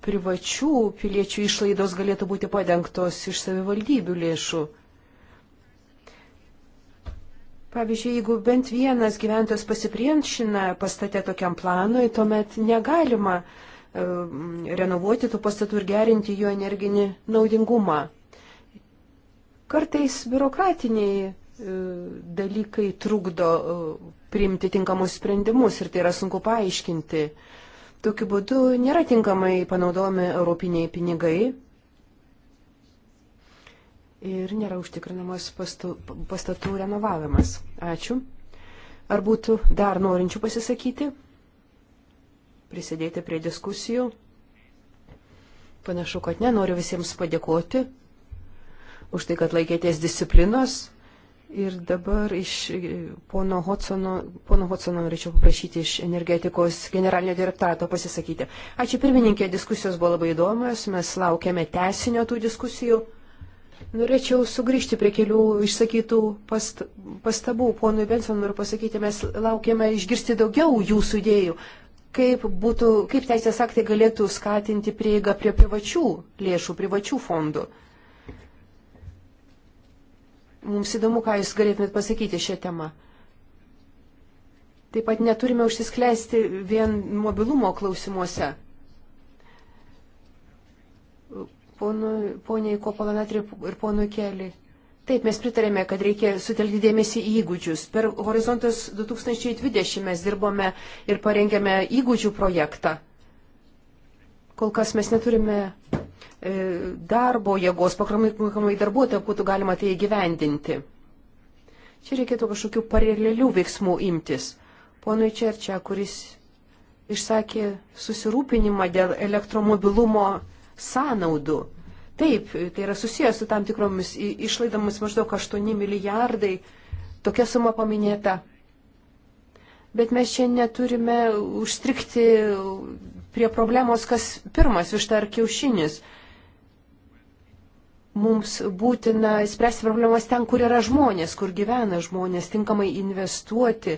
privačių piliečių išlaidos galėtų būti padengtos iš savivaldybių lėšų. Pavyzdžiui, jeigu bent vienas gyventojas pasipriešina pastate tokiam planui, tuomet negalima e, renovuoti tų pastatų ir gerinti jų energinį naudingumą. Kartais biurokratiniai e, dalykai trukdo e, priimti tinkamus sprendimus ir tai yra sunku paaiškinti. Tokiu būdu nėra tinkamai panaudojami europiniai pinigai ir nėra užtikrinamas pastatų renovavimas. Ačiū. Ar būtų dar norinčių pasisakyti, prisidėti prie diskusijų? Panašu, kad nenoriu visiems padėkoti už tai, kad laikėtės disciplinos. Ir dabar iš pono Hodsono, pono Hodsono norėčiau paprašyti iš energetikos generalinio direktorato pasisakyti. Ačiū pirmininkė, diskusijos buvo labai įdomios, mes laukiame tesinio tų diskusijų. Norėčiau sugrįžti prie kelių išsakytų past, pastabų. Ponui Benson noriu pasakyti, mes laukiame išgirsti daugiau jūsų idėjų. Kaip, būtų, kaip teisės aktai galėtų skatinti prieigą prie privačių lėšų, privačių fondų. Mums įdomu, ką Jūs galėtumėt pasakyti šią temą. Taip pat neturime užsiskleisti vien mobilumo klausimuose. Poniai Kopalanatri ir ponui Keli. Taip, mes pritarėme, kad reikia sutelkti dėmesį į įgūdžius. Per Horizontas 2020 mes dirbome ir parengėme įgūdžių projektą. Kol kas mes neturime E, darbo jėgos, pakankamai darbuotojų būtų galima tai įgyvendinti. Čia reikėtų kažkokių paralelių veiksmų imtis. Ponui Čerčia, kuris išsakė susirūpinimą dėl elektromobilumo sąnaudų. Taip, tai yra susijęs su tam tikromis išlaidomis maždaug 8 milijardai, tokia suma paminėta. Bet mes čia neturime užstrikti prie problemos, kas pirmas višta ar kiaušinis mums būtina spręsti problemas ten, kur yra žmonės, kur gyvena žmonės, tinkamai investuoti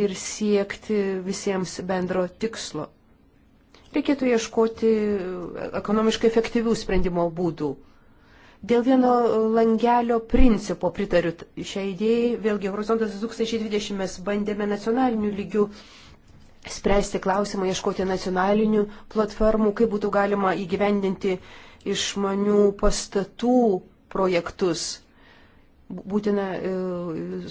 ir siekti visiems bendro tikslo. Reikėtų ieškoti ekonomiškai efektyvių sprendimo būdų. Dėl vieno langelio principo pritariu šią idėją. Vėlgi, Horizontas 2020 mes bandėme nacionaliniu lygiu spręsti klausimą, ieškoti nacionalinių platformų, kaip būtų galima įgyvendinti uh, išmanių pastatų projektus. Būtina e,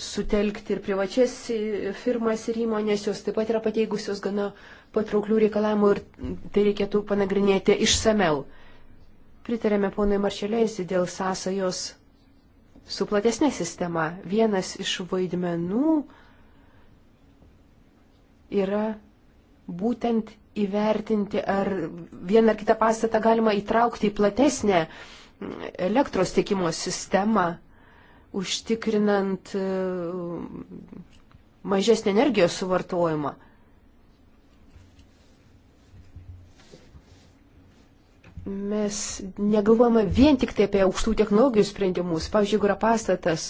sutelkti ir privačias e, firmas ir įmonės, jos taip pat yra pateigusios gana patrauklių reikalavimų ir tai reikėtų panagrinėti išsameu. Pritarėme ponui Maršelėsi dėl sąsajos su platesnė sistema. Vienas iš vaidmenų yra būtent įvertinti, ar vieną ar kitą pastatą galima įtraukti į platesnę elektros tiekimo sistemą, užtikrinant e, mažesnį energijos suvartojimą. Mes negalvojame vien tik tai apie aukštų technologijų sprendimus. Pavyzdžiui, jeigu yra pastatas,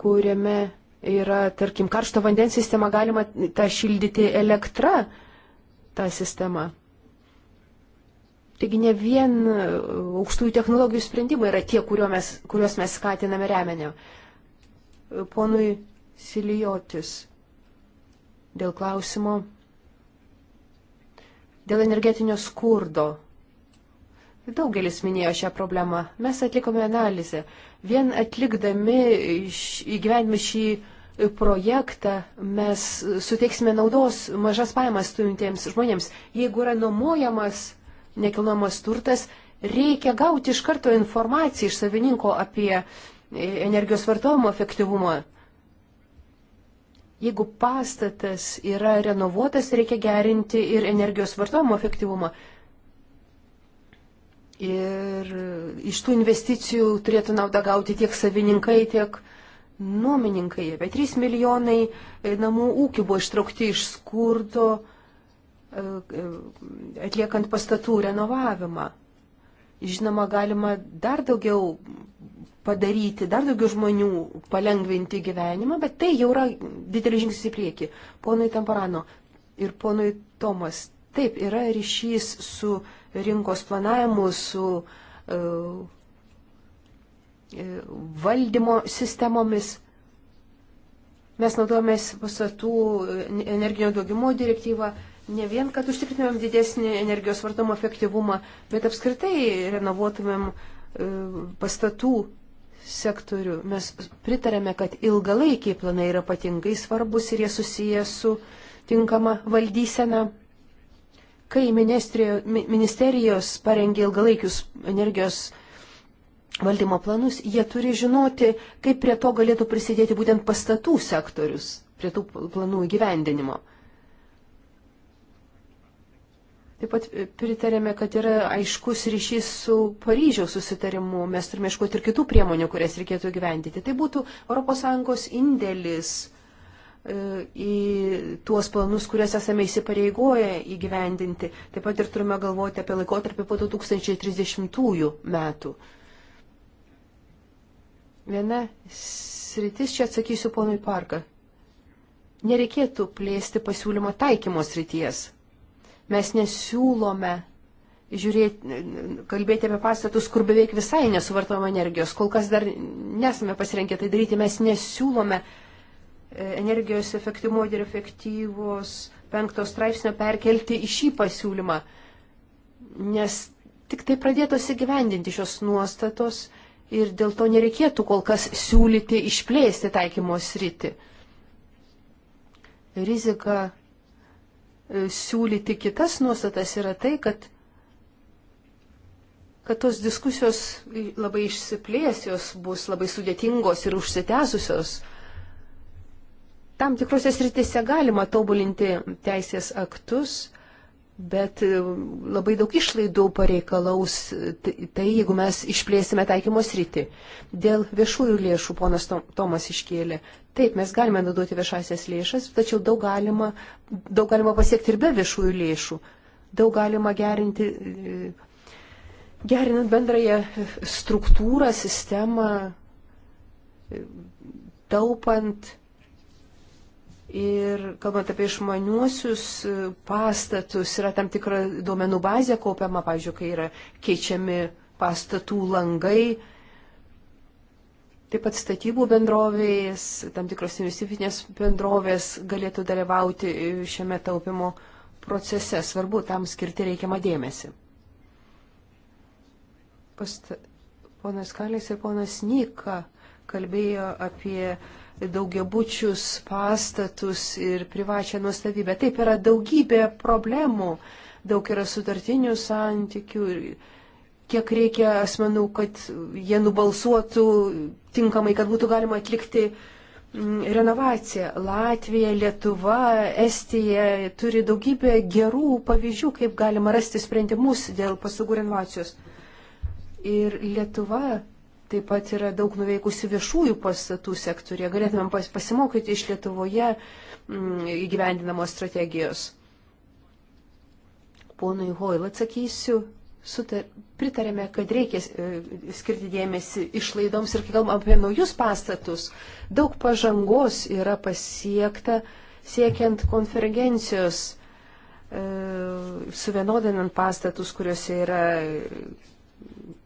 kuriame yra, tarkim, karšto vandens sistema, galima tą šildyti elektrą, tą sistemą. Taigi ne vien aukštųjų technologijų sprendimai yra tie, mes, kuriuos mes skatiname remenę. Ponui Silijotis dėl klausimo, dėl energetinio skurdo. Daugelis minėjo šią problemą. Mes atlikome analizę. Vien atlikdami įgyvenimą šį projektą mes suteiksime naudos mažas pajamas turintiems žmonėms. Jeigu yra nuomojamas nekilnojamas turtas, reikia gauti iš karto informaciją iš savininko apie e, energijos vartojimo efektyvumą. Jeigu pastatas yra renovuotas, reikia gerinti ir energijos vartojimo efektyvumą. Ir iš tų investicijų turėtų naudą gauti tiek savininkai, tiek uh, nuomininkai, apie 3 milijonai e, namų ūkių buvo ištraukti iš skurdo e, e, atliekant pastatų renovavimą. Žinoma, galima dar daugiau padaryti, dar daugiau žmonių palengvinti gyvenimą, bet tai jau yra didelis žingsnis į priekį. Ponui Tamparano ir ponui Tomas, taip, yra ryšys su rinkos planavimu, su uh, E, valdymo sistemomis. Mes naudojamės pastatų e, energinio daugimo direktyvą ne vien, kad užtikrintumėm didesnį energijos vartojimo efektyvumą, bet apskritai renovuotumėm e, pastatų sektorių. Mes pritarėme, kad ilgalaikiai planai yra patingai svarbus ir jie susiję su tinkama valdysena. Kai ministerijos parengė ilgalaikius energijos valdymo planus, jie turi žinoti, kaip prie to galėtų prisidėti būtent pastatų sektorius, prie tų planų įgyvendinimo. Taip pat e, pritarėme, kad yra aiškus ryšys su Paryžiaus susitarimu. Mes turime iškoti ir kitų priemonių, kurias reikėtų gyvendyti. Tai būtų ES indėlis e, į tuos planus, kuriuos esame įsipareigoję įgyvendinti. Taip pat ir turime galvoti apie laikotarpį po 2030 metų. Viena sritis, čia atsakysiu ponui Parką. Nereikėtų plėsti pasiūlymo taikymo srities. Mes nesiūlome žiūrėti, kalbėti apie pastatus, kur beveik visai nesuvartojama energijos. Kol kas dar nesame pasirenkę tai daryti, mes nesiūlome e, energijos efektyvumo ir efektyvos penktos straipsnio perkelti į šį pasiūlymą, nes tik tai pradėtos įgyvendinti šios nuostatos ir dėl to nereikėtų kol kas siūlyti išplėsti taikymo sritį. Rizika e, siūlyti kitas nuostatas yra tai, kad, kad tos diskusijos labai išsiplės, jos bus labai sudėtingos ir užsitęsusios. Tam tikrose sritise galima tobulinti teisės aktus, Bet e, labai daug išlaidų pareikalaus tai, jeigu mes išplėsime taikymo sritį. Dėl viešųjų lėšų ponas Tomas iškėlė. Taip, mes galime naudoti viešasias lėšas, tačiau daug galima, daug galima pasiekti ir be viešųjų lėšų. Daug galima gerinti, e, gerinant bendrąją struktūrą, sistemą, e, taupant Ir kalbant apie išmaniuosius e, pastatus, yra tam tikra duomenų bazė kaupiama, pavyzdžiui, kai yra keičiami pastatų langai, taip pat statybų bendrovės, tam tikros investicinės bendrovės galėtų dalyvauti e, šiame taupimo procese. Svarbu tam skirti reikiamą dėmesį. Past... Ponas Kalės ir ponas Nika kalbėjo apie daugiabučius pastatus ir privačią nuostabybę. Taip yra daugybė problemų, daug yra sutartinių santykių ir kiek reikia asmenų, kad jie nubalsuotų tinkamai, kad būtų galima atlikti mm, renovacija. Latvija, Lietuva, Estija turi daugybę gerų pavyzdžių, kaip galima rasti sprendimus dėl paslaugų renovacijos. Ir Lietuva Taip pat yra daug nuveikusi viešųjų pastatų sektorija. Galėtumėm pasimokyti iš Lietuvoje mm, įgyvendinamos strategijos. Ponui Hoil atsakysiu. Sutar, pritarėme, kad reikia e, skirti dėmesį išlaidoms ir kai kalbam apie naujus pastatus, daug pažangos yra pasiekta siekiant konferencijos, e, suvienodinant pastatus, kuriuose yra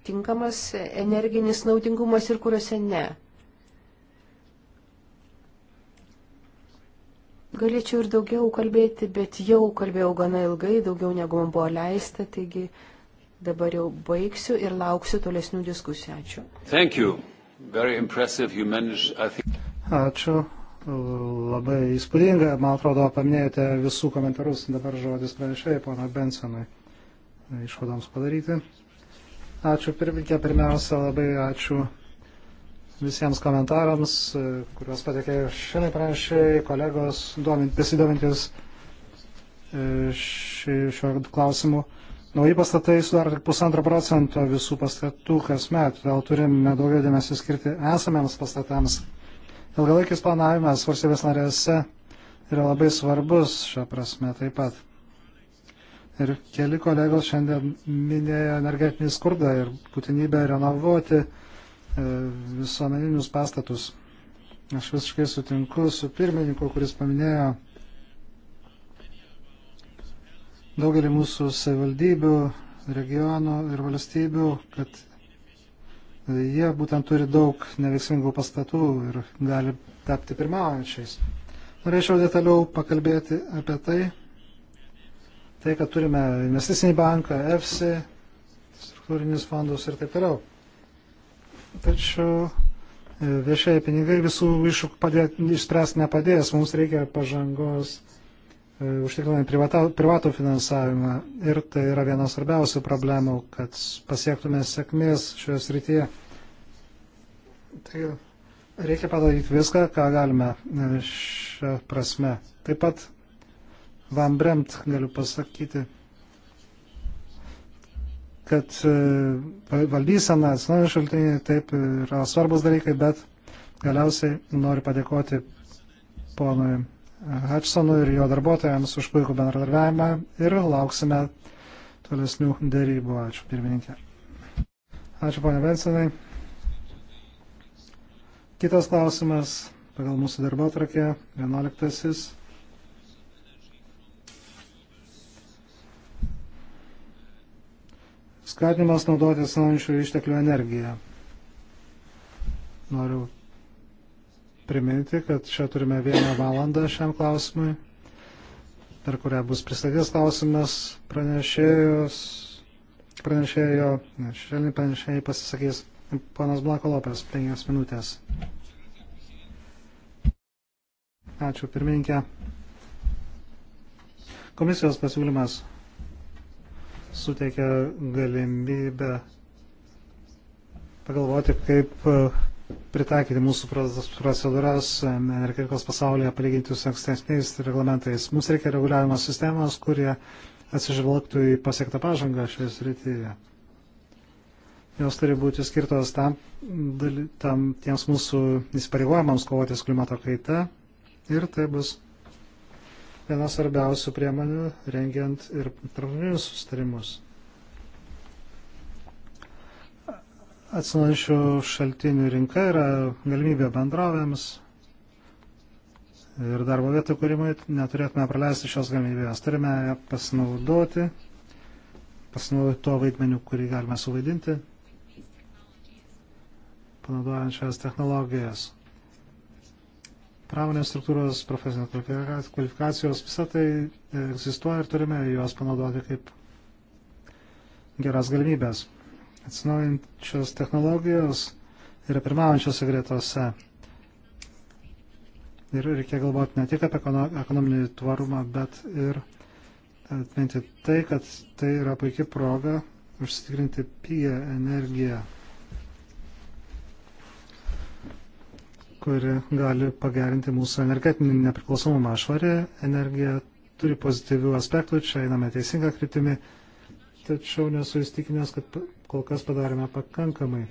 tinkamas energinis naudingumas ir kuriuose ne. Galėčiau ir daugiau kalbėti, bet jau kalbėjau gana ilgai, daugiau negu man buvo leista, taigi dabar jau baigsiu ir lauksiu tolesnių diskusijų. Ačiū. Managed, think... Ačiū. Labai įspūdinga, man atrodo, paminėjote visų komentarus. Dabar žodis pranešėjai, pana Bensonui, išvadoms padaryti. Ačiū pirmininkė, pirmiausia labai ačiū visiems komentarams, kuriuos patekė šiandien pranešėjai, kolegos, besidomintis e, šiuo klausimu. Nauji pastatai sudaro tik pusantro procento visų pastatų kasmet, todėl turime daugiau dėmesio skirti esamiems pastatams. Ilgalaikis planavimas valstybės narėse yra labai svarbus šią prasme taip pat. Ir keli kolegos šiandien minėjo energetinį skurdą ir būtinybę renovuoti e, visuomeninius pastatus. Aš visiškai sutinku su pirmininku, kuris paminėjo daugelį mūsų savivaldybių, regionų ir valstybių, kad jie būtent turi daug neveiksmingų pastatų ir gali tapti pirmaujančiais. Norėčiau detaliau pakalbėti apie tai tai, kad turime investicinį banką, EFSI, struktūrinius fondus ir taip toliau. Tačiau e, viešieji pinigai visų iššūkių išspręsti nepadės. Mums reikia pažangos e, užtikrinant privatų finansavimą. Ir tai yra viena svarbiausių problemų, kad pasiektume sėkmės šioje srityje. Tai reikia padaryti viską, ką galime e, šią prasme. Taip pat Van Bremt galiu pasakyti, kad e, valdysena, atsinaujinti šaltiniai taip yra svarbus dalykai, bet galiausiai noriu padėkoti ponui Hutchisonui ir jo darbuotojams už puikų bendradarbiavimą ir lauksime tolesnių dėrybų. Ačiū pirmininkė. Ačiū ponia Bensinai. Kitas klausimas pagal mūsų darbo atrakė, 11. Skatinimas naudoti atsinaujančių išteklių energiją. Noriu priminti, kad čia turime vieną valandą šiam klausimui, per kurią bus pristatys klausimas pranešėjos, pranešėjo, ne, šiandien pranešėjai pasisakys ponas Blako Lopės, 5 minutės. Ačiū, pirmininkė. Komisijos pasiūlymas suteikia galimybę pagalvoti, kaip e, pritaikyti mūsų procedūras e, energetikos pasaulyje palyginti su ankstesniais reglamentais. Mums reikia reguliavimo sistemos, kurie atsižvelgtų į pasiektą pažangą šioje srityje. Jos turi būti skirtos tam, tam tiems mūsų įsipareigojimams kovotis klimato kaita ir tai bus viena svarbiausių priemonių rengiant ir tarptautinius sustarimus. Atsinaujančių šaltinių rinka yra galimybė bendrovėms ir darbo vietų kūrimui neturėtume praleisti šios galimybės. Turime pasinaudoti, pasinaudoti tuo vaidmeniu, kurį galime suvaidinti, panaudojant šias technologijas pramonės struktūros, profesinės kvalifikacijos, visą tai e, egzistuoja ir turime juos panaudoti kaip geras galimybės. Atsinaujančios technologijos yra pirmaujančiose gretose. Ir reikia galvoti ne tik apie ekonominį tvarumą, bet ir atminti tai, kad tai yra puikia proga užsitikrinti pigią energiją kuri gali pagerinti mūsų energetinį nepriklausomumą. Švari energija turi pozityvių aspektų, čia einame teisinga kryptimi, tačiau nesu įstikinęs, kad kol kas padarėme pakankamai,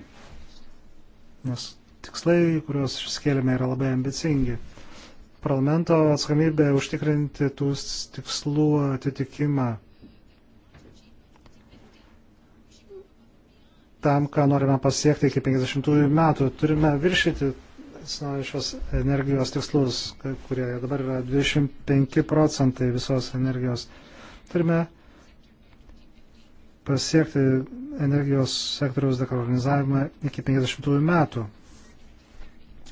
nes tikslai, kuriuos išskėlėme, yra labai ambicingi. Parlamento atsakomybė užtikrinti tų tikslų atitikimą tam, ką norime pasiekti iki 50 metų. Turime viršyti atsinaujančios energijos tikslus, kurie dabar yra 25 procentai visos energijos. Turime pasiekti energijos sektoriaus dekarbonizavimą iki 50 metų.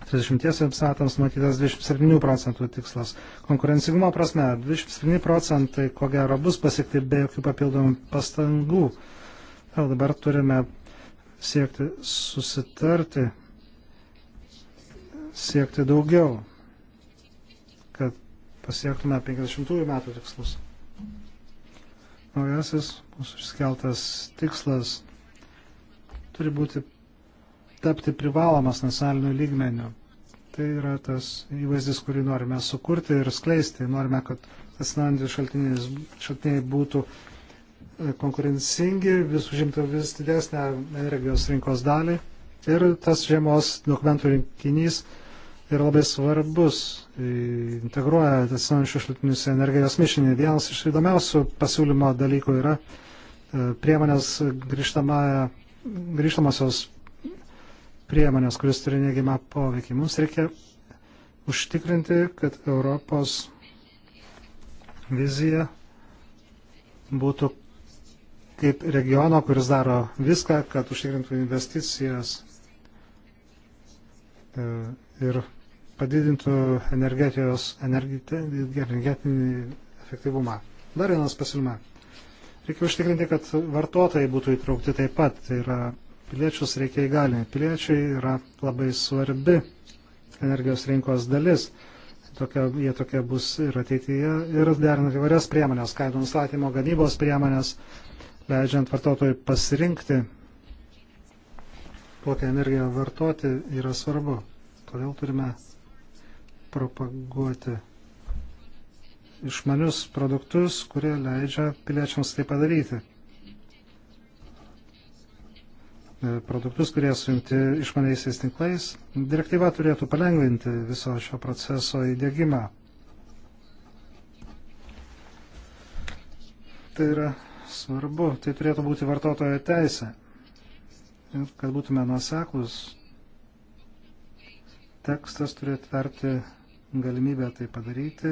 30 metams matytas 27 procentų tikslas. Konkurencingumo prasme 27 procentai ko gero bus pasiekti be jokių papildomų pastangų. Jau dabar turime siekti susitarti siekti daugiau, kad pasiektume 50-ųjų metų tikslus. Naujasis mūsų išskeltas tikslas turi būti tapti privalomas nacionaliniu lygmeniu. Tai yra tas įvaizdis, kurį norime sukurti ir skleisti. Norime, kad nacionalinis šaltiniai būtų e, konkurencingi, vis užimtų vis didesnę energijos rinkos dalį. Ir tas žiemos dokumentų rinkinys yra labai svarbus, e, integruoja atsinaujančių šaltinius energijos mišinį. Vienas iš įdomiausių pasiūlymo dalykų yra e, priemonės grįžtamosios priemonės, kuris turi neigiamą poveikį. Mums reikia užtikrinti, kad Europos vizija būtų kaip regiono, kuris daro viską, kad užtikrintų investicijas e, ir padidintų energetijos, energetinį efektyvumą. Dar vienas pasiūlymas. Reikia užtikrinti, kad vartotojai būtų įtraukti taip pat. Tai yra piliečius reikia įgalinti. Piliečiai yra labai svarbi energijos rinkos dalis. Tokia, jie tokia bus ir ateityje. Ir derinant įvairias priemonės, kainų nustatymo gamybos priemonės, leidžiant vartotojui pasirinkti, kokią energiją vartoti, yra svarbu. Todėl turime propaguoti išmanius produktus, kurie leidžia piliečiams tai padaryti. E, produktus, kurie sujungti išmaniaisiais tinklais. Direktyva turėtų palengvinti viso šio proceso įdėgymą. Tai yra svarbu, tai turėtų būti vartotojo teisė. Kad būtume nuoseklus, tekstas turi atverti galimybę tai padaryti,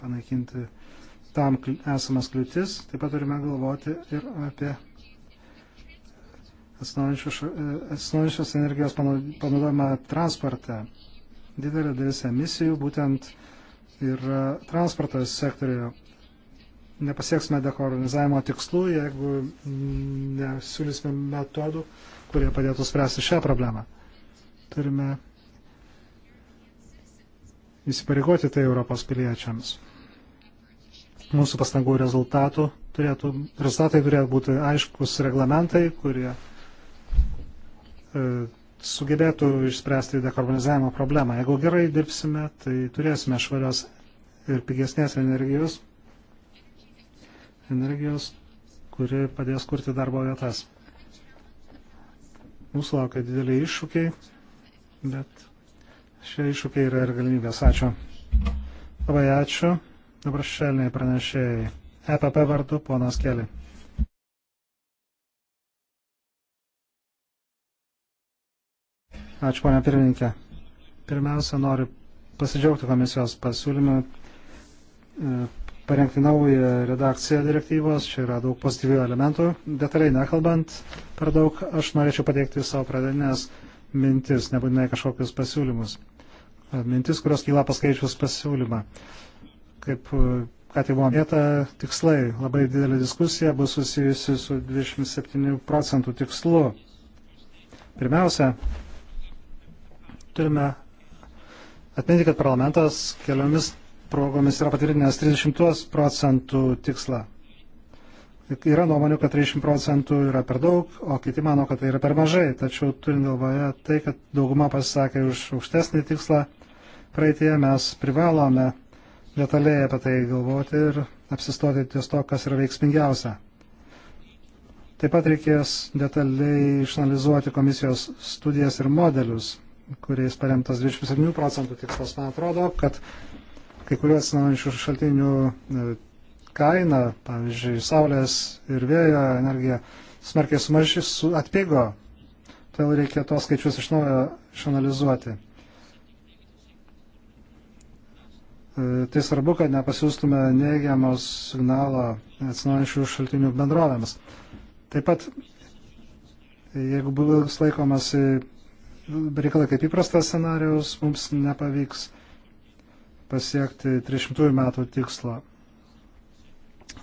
panaikinti tam esamas kliūtis. Taip pat turime galvoti ir apie atsinaujančios e, energijos panaudojimą transporte. Didelė dalis emisijų būtent yra transporto sektorijoje. Nepasieksime dekoronizavimo tikslų, jeigu nesiūlysime metodų, kurie padėtų spręsti šią problemą. Turime įsipareigoti tai Europos piliečiams. Mūsų pastangų rezultatų turėtų, rezultatai turėtų būti aiškus reglamentai, kurie e, sugebėtų išspręsti dekarbonizavimo problemą. Jeigu gerai dirbsime, tai turėsime švarios ir pigesnės energijos, energijos, kuri padės kurti darbo vietas. Mūsų laukia dideliai iššūkiai, bet Šie iššūkiai yra ir galimybės. Ačiū. Labai ačiū. Dabar šelniai pranešėjai. EPP vardu ponas Keli. Ačiū, ponia pirmininkė. Pirmiausia, noriu pasidžiaugti komisijos pasiūlymą e, parengti naują redakciją direktyvos. Čia yra daug pozityvių elementų. Detaliai nekalbant per daug, aš norėčiau pateikti savo pradinės mintis, nebūtinai kažkokius pasiūlymus. Mintis, kurios kyla paskaičius pasiūlymą. Kaip e, ką tik buvo minėta, tikslai. Labai didelė diskusija bus susijusi su 27 procentų tikslu. Pirmiausia, turime atminti, kad parlamentas keliomis progomis yra patvirtinęs 30 procentų tikslą. Yra nuomonių, kad 30 procentų yra per daug, o kiti mano, kad tai yra per mažai. Tačiau turint galvoje tai, kad dauguma pasisakė už aukštesnį tikslą, praeitie mes privalome detaliai apie tai galvoti ir apsistoti ties to, kas yra veiksmingiausia. Taip pat reikės detaliai išanalizuoti komisijos studijas ir modelius, kuriais paremtas 27 procentų tikslas. Man atrodo, kad kai kuriuos atsinaujančių šaltinių kaina, pavyzdžiui, saulės ir vėjo energija smarkiai sumažys, su, atpigo. Todėl reikia tos skaičius iš naujo išanalizuoti. E, tai svarbu, kad nepasiūstume neigiamos signalo atsinaujančių šaltinių bendrovėms. Taip pat, jeigu bus laikomas reikalai kaip įprastas scenarius, mums nepavyks pasiekti 300 metų tikslo.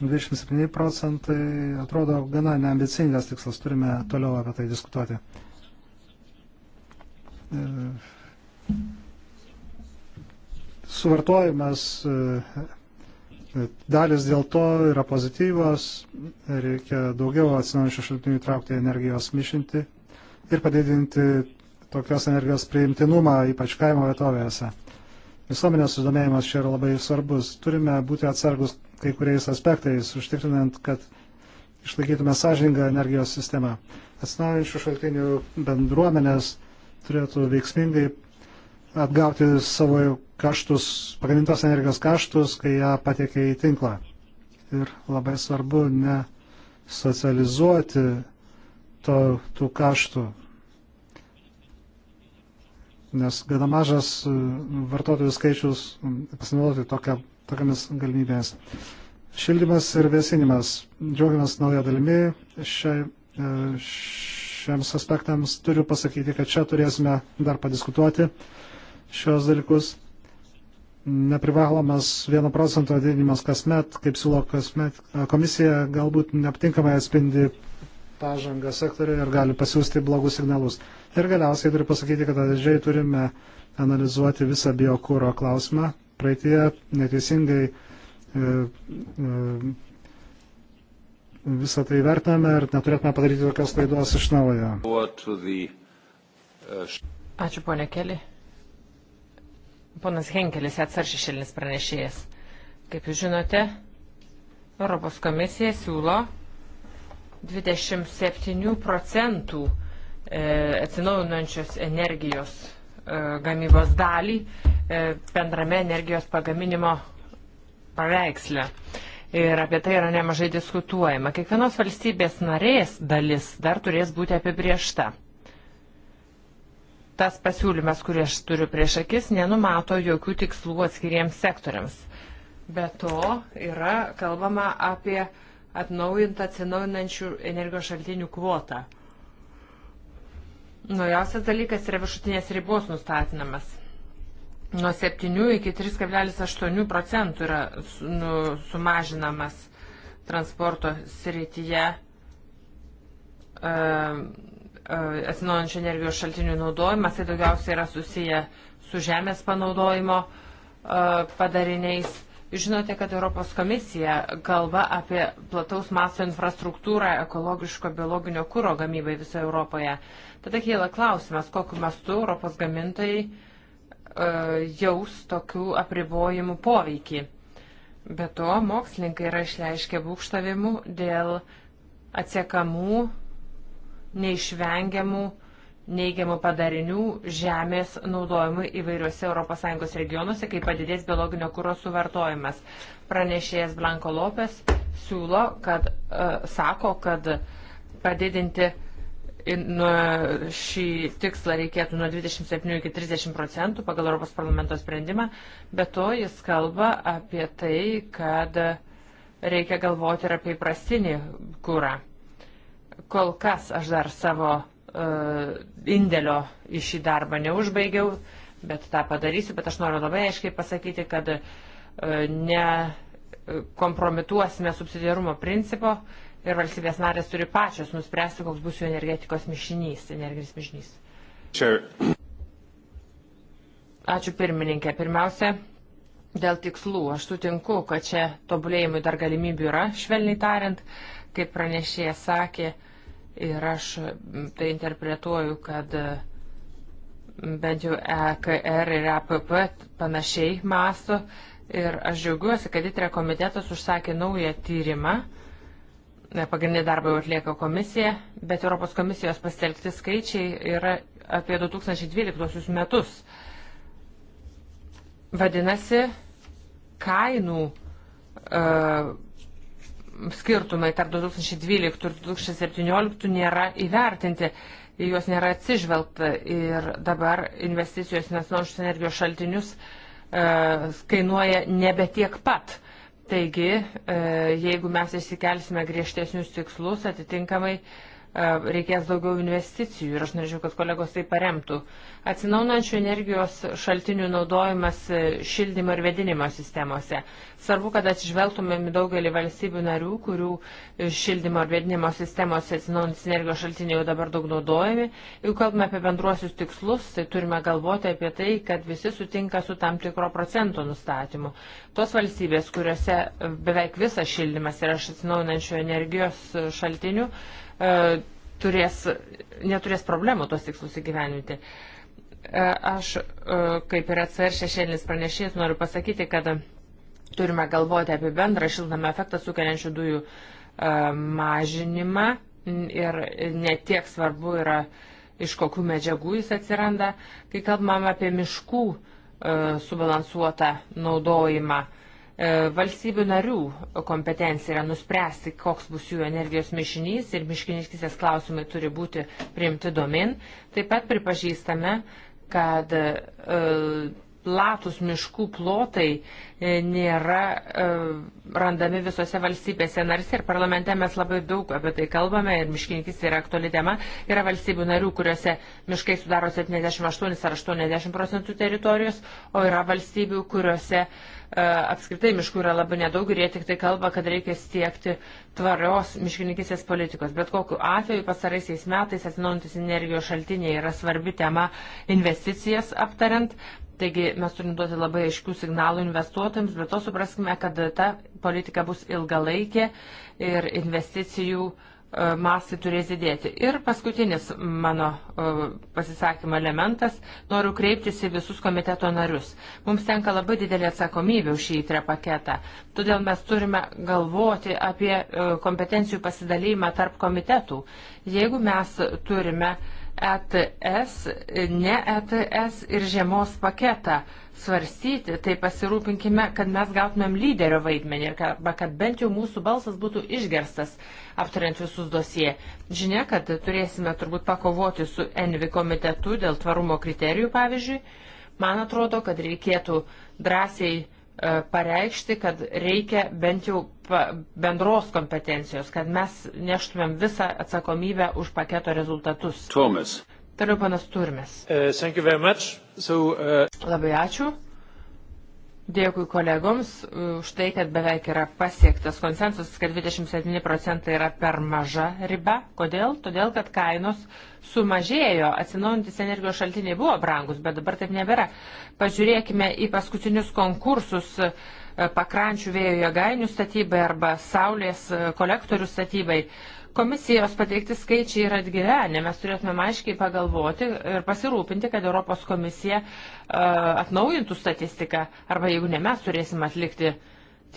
27 procentai atrodo gana neambicingas tikslas, turime toliau apie tai diskutuoti. E, suvartojimas e, dalis dėl to yra pozityvos, reikia daugiau atsinaujančių šaltinių įtraukti energijos mišinti ir padidinti tokios energijos priimtinumą, ypač kaimo vietovėse. Visuomenės susidomėjimas čia yra labai svarbus. Turime būti atsargus kai kuriais aspektais, užtikrinant, kad išlaikytume sąžiningą energijos sistemą. Atsinaujančių šaltinių bendruomenės turėtų veiksmingai atgauti savo kaštus, pagamintos energijos kaštus, kai ją patekia į tinklą. Ir labai svarbu ne socializuoti to, tų kaštų, nes gana mažas vartotojų skaičius pasinaudoti tokią tokiamis galimybėmis. Šildymas ir vėsinimas. Džiaugiamės naują dalimi. Šia, e, šiems aspektams turiu pasakyti, kad čia turėsime dar padiskutuoti šios dalykus. Neprivalomas 1 procento didinimas kasmet, kaip siūlo kasmet, e, komisija galbūt neaptinkamai atspindi pažangą sektoriui ir gali pasiūsti blogus signalus. Ir galiausiai turiu pasakyti, kad atidžiai turime analizuoti visą biokūro klausimą, praeitie neteisingai e, e, visą tai vertiname ir neturėtume padaryti tokios klaidos iš naujo. Ačiū, ponė Keli. Ponas Henkelis, atsaršyšėlinis pranešėjas. Kaip jūs žinote, Europos komisija siūlo 27 procentų e, atsinaujinančios energijos E, gamybos dalį e, bendrame energijos pagaminimo paveiksle. Ir apie tai yra nemažai diskutuojama. Kiekvienos valstybės narės dalis dar turės būti apibriešta. Tas pasiūlymas, kurį aš turiu prieš akis, nenumato jokių tikslų atskiriems sektoriams. Be to yra kalbama apie atnaujintą atsinaujinančių energijos šaltinių kvotą. Naujausias dalykas yra viršutinės ribos nustatinamas. Nuo 7 iki 3,8 procentų yra nu, sumažinamas transporto srityje e, e, atsinaujančių energijos šaltinių naudojimas. Tai daugiausiai yra susiję su žemės panaudojimo e, padariniais Žinote, kad Europos komisija kalba apie plataus masto infrastruktūrą ekologiško biologinio kūro gamybai visoje Europoje. Tada kyla klausimas, kokiu mastu Europos gamintojai e, jaus tokių apribojimų poveikį. Be to, mokslininkai yra išleiškę būkštavimų dėl atsiekamų, neišvengiamų neigiamų padarinių žemės naudojimui įvairiuose ES regionuose, kai padidės biologinio kūro suvartojimas. Pranešėjas Blanko Lopes siūlo, kad uh, sako, kad padidinti nuo šį tikslą reikėtų nuo 27 iki 30 procentų pagal Europos parlamento sprendimą, bet to jis kalba apie tai, kad reikia galvoti ir apie įprastinį kūrą. Kol kas aš dar savo E, indėlio į šį darbą neužbaigiau, bet tą padarysiu, bet aš noriu labai aiškiai pasakyti, kad e, ne kompromituosime subsidiarumo principo ir valstybės narės turi pačios nuspręsti, koks bus jų energetikos mišinys, energinis mišinys. Sure. Ačiū pirmininkė. Pirmiausia, dėl tikslų. Aš sutinku, kad čia tobulėjimui dar galimybių yra, švelniai tariant, kaip pranešėjas sakė, uh, Ir aš tai interpretuoju, kad bent jau EKR ir APP panašiai masto. Ir aš džiaugiuosi, kad ITRE komitetas užsakė naują tyrimą. Pagrindinį darbą jau atlieka komisija, bet Europos komisijos pasitelkti skaičiai yra apie 2012 metus. Vadinasi, kainų uh, skirtumai tarp 2012 ir 2017 nėra įvertinti, į juos nėra atsižvelgta ir dabar investicijos nesinaušius energijos šaltinius e, kainuoja nebe tiek pat. Taigi, e, jeigu mes išsikelsime griežtesnius tikslus, atitinkamai e, E, reikės daugiau investicijų ir aš norėčiau, kad kolegos tai paremtų. Atsinaunančių energijos šaltinių naudojimas e, šildymo ir vedinimo sistemose. Svarbu, kad atsižvelgtumėm daugelį valstybių narių, kurių e, šildymo ir vedinimo sistemose atsinaujantis energijos šaltiniai jau dabar daug naudojami. Jau kalbame apie bendruosius tikslus, tai turime galvoti apie tai, kad visi sutinka su tam tikro procento nustatymu. Tos valstybės, kuriuose beveik visas šildymas yra iš atsinaujinančių energijos šaltinių, E, turės, neturės problemų tos tikslus įgyveninti. E, aš, e, kaip ir atsver šešėlinis pranešėjas, noriu pasakyti, kad turime galvoti apie bendrą šiltnamą efektą sukeliančių dujų mažinimą ir netiek svarbu yra, iš kokių medžiagų jis atsiranda, kai kalbam apie miškų subalansuotą naudojimą. Uh, E, valstybių narių kompetencija yra nuspręsti, koks bus jų energijos mišinys ir miškininkistės klausimai turi būti priimti domin. Taip pat pripažįstame, kad e, platus miškų plotai e, nėra e, randami visose valstybėse narse ir parlamente mes labai daug apie tai kalbame ir miškininkis yra aktuali tema. Yra valstybių narių, kuriuose miškai sudaro 78 ar 80 procentų teritorijos, o yra valstybių, kuriuose e, apskritai miškų yra labai nedaug ir jie tik tai kalba, kad reikia siekti tvarios miškininkisės politikos. Bet kokiu atveju pasaraisiais metais atsinaujantis energijos šaltiniai yra svarbi tema investicijas aptariant. Taigi mes turim duoti labai aiškių signalų investuotojams, bet to supraskime, kad ta politika bus ilgalaikė ir investicijų e, masai turės didėti. Ir paskutinis mano e, pasisakymo elementas - noriu kreiptis į visus komiteto narius. Mums tenka labai didelė atsakomybė už šį įtrę paketą. Todėl mes turime galvoti apie e, kompetencijų pasidalymą tarp komitetų. Jeigu mes turime uh, ETS, ne ETS ir žiemos paketą svarstyti, tai pasirūpinkime, kad mes gautumėm lyderio vaidmenį ir kad, kad bent jau mūsų balsas būtų išgerstas aptariant visus dosie. Žinia, kad turėsime turbūt pakovoti su Envi komitetu dėl tvarumo kriterijų, pavyzdžiui. Man atrodo, kad reikėtų drąsiai e, pareikšti, kad reikia bent jau bendros kompetencijos, kad mes neštumėm visą atsakomybę už paketo rezultatus. Tomas. Toliau panas Turmes. Uh, so, uh... Labai ačiū. Dėkui kolegoms už tai, kad beveik yra pasiektas konsensus, kad 27 procentai yra per maža riba. Kodėl? Todėl, kad kainos sumažėjo, atsinaujantis energijos šaltiniai buvo brangus, bet dabar taip nebėra. Pažiūrėkime į paskutinius konkursus. Uh, E, pakrančių vėjo jėgainių statybai arba saulės e, kolektorių statybai. Komisijos pateikti skaičiai yra atgyvenę. Mes turėtume aiškiai pagalvoti ir pasirūpinti, kad Europos komisija e, atnaujintų statistiką arba jeigu ne mes turėsim atlikti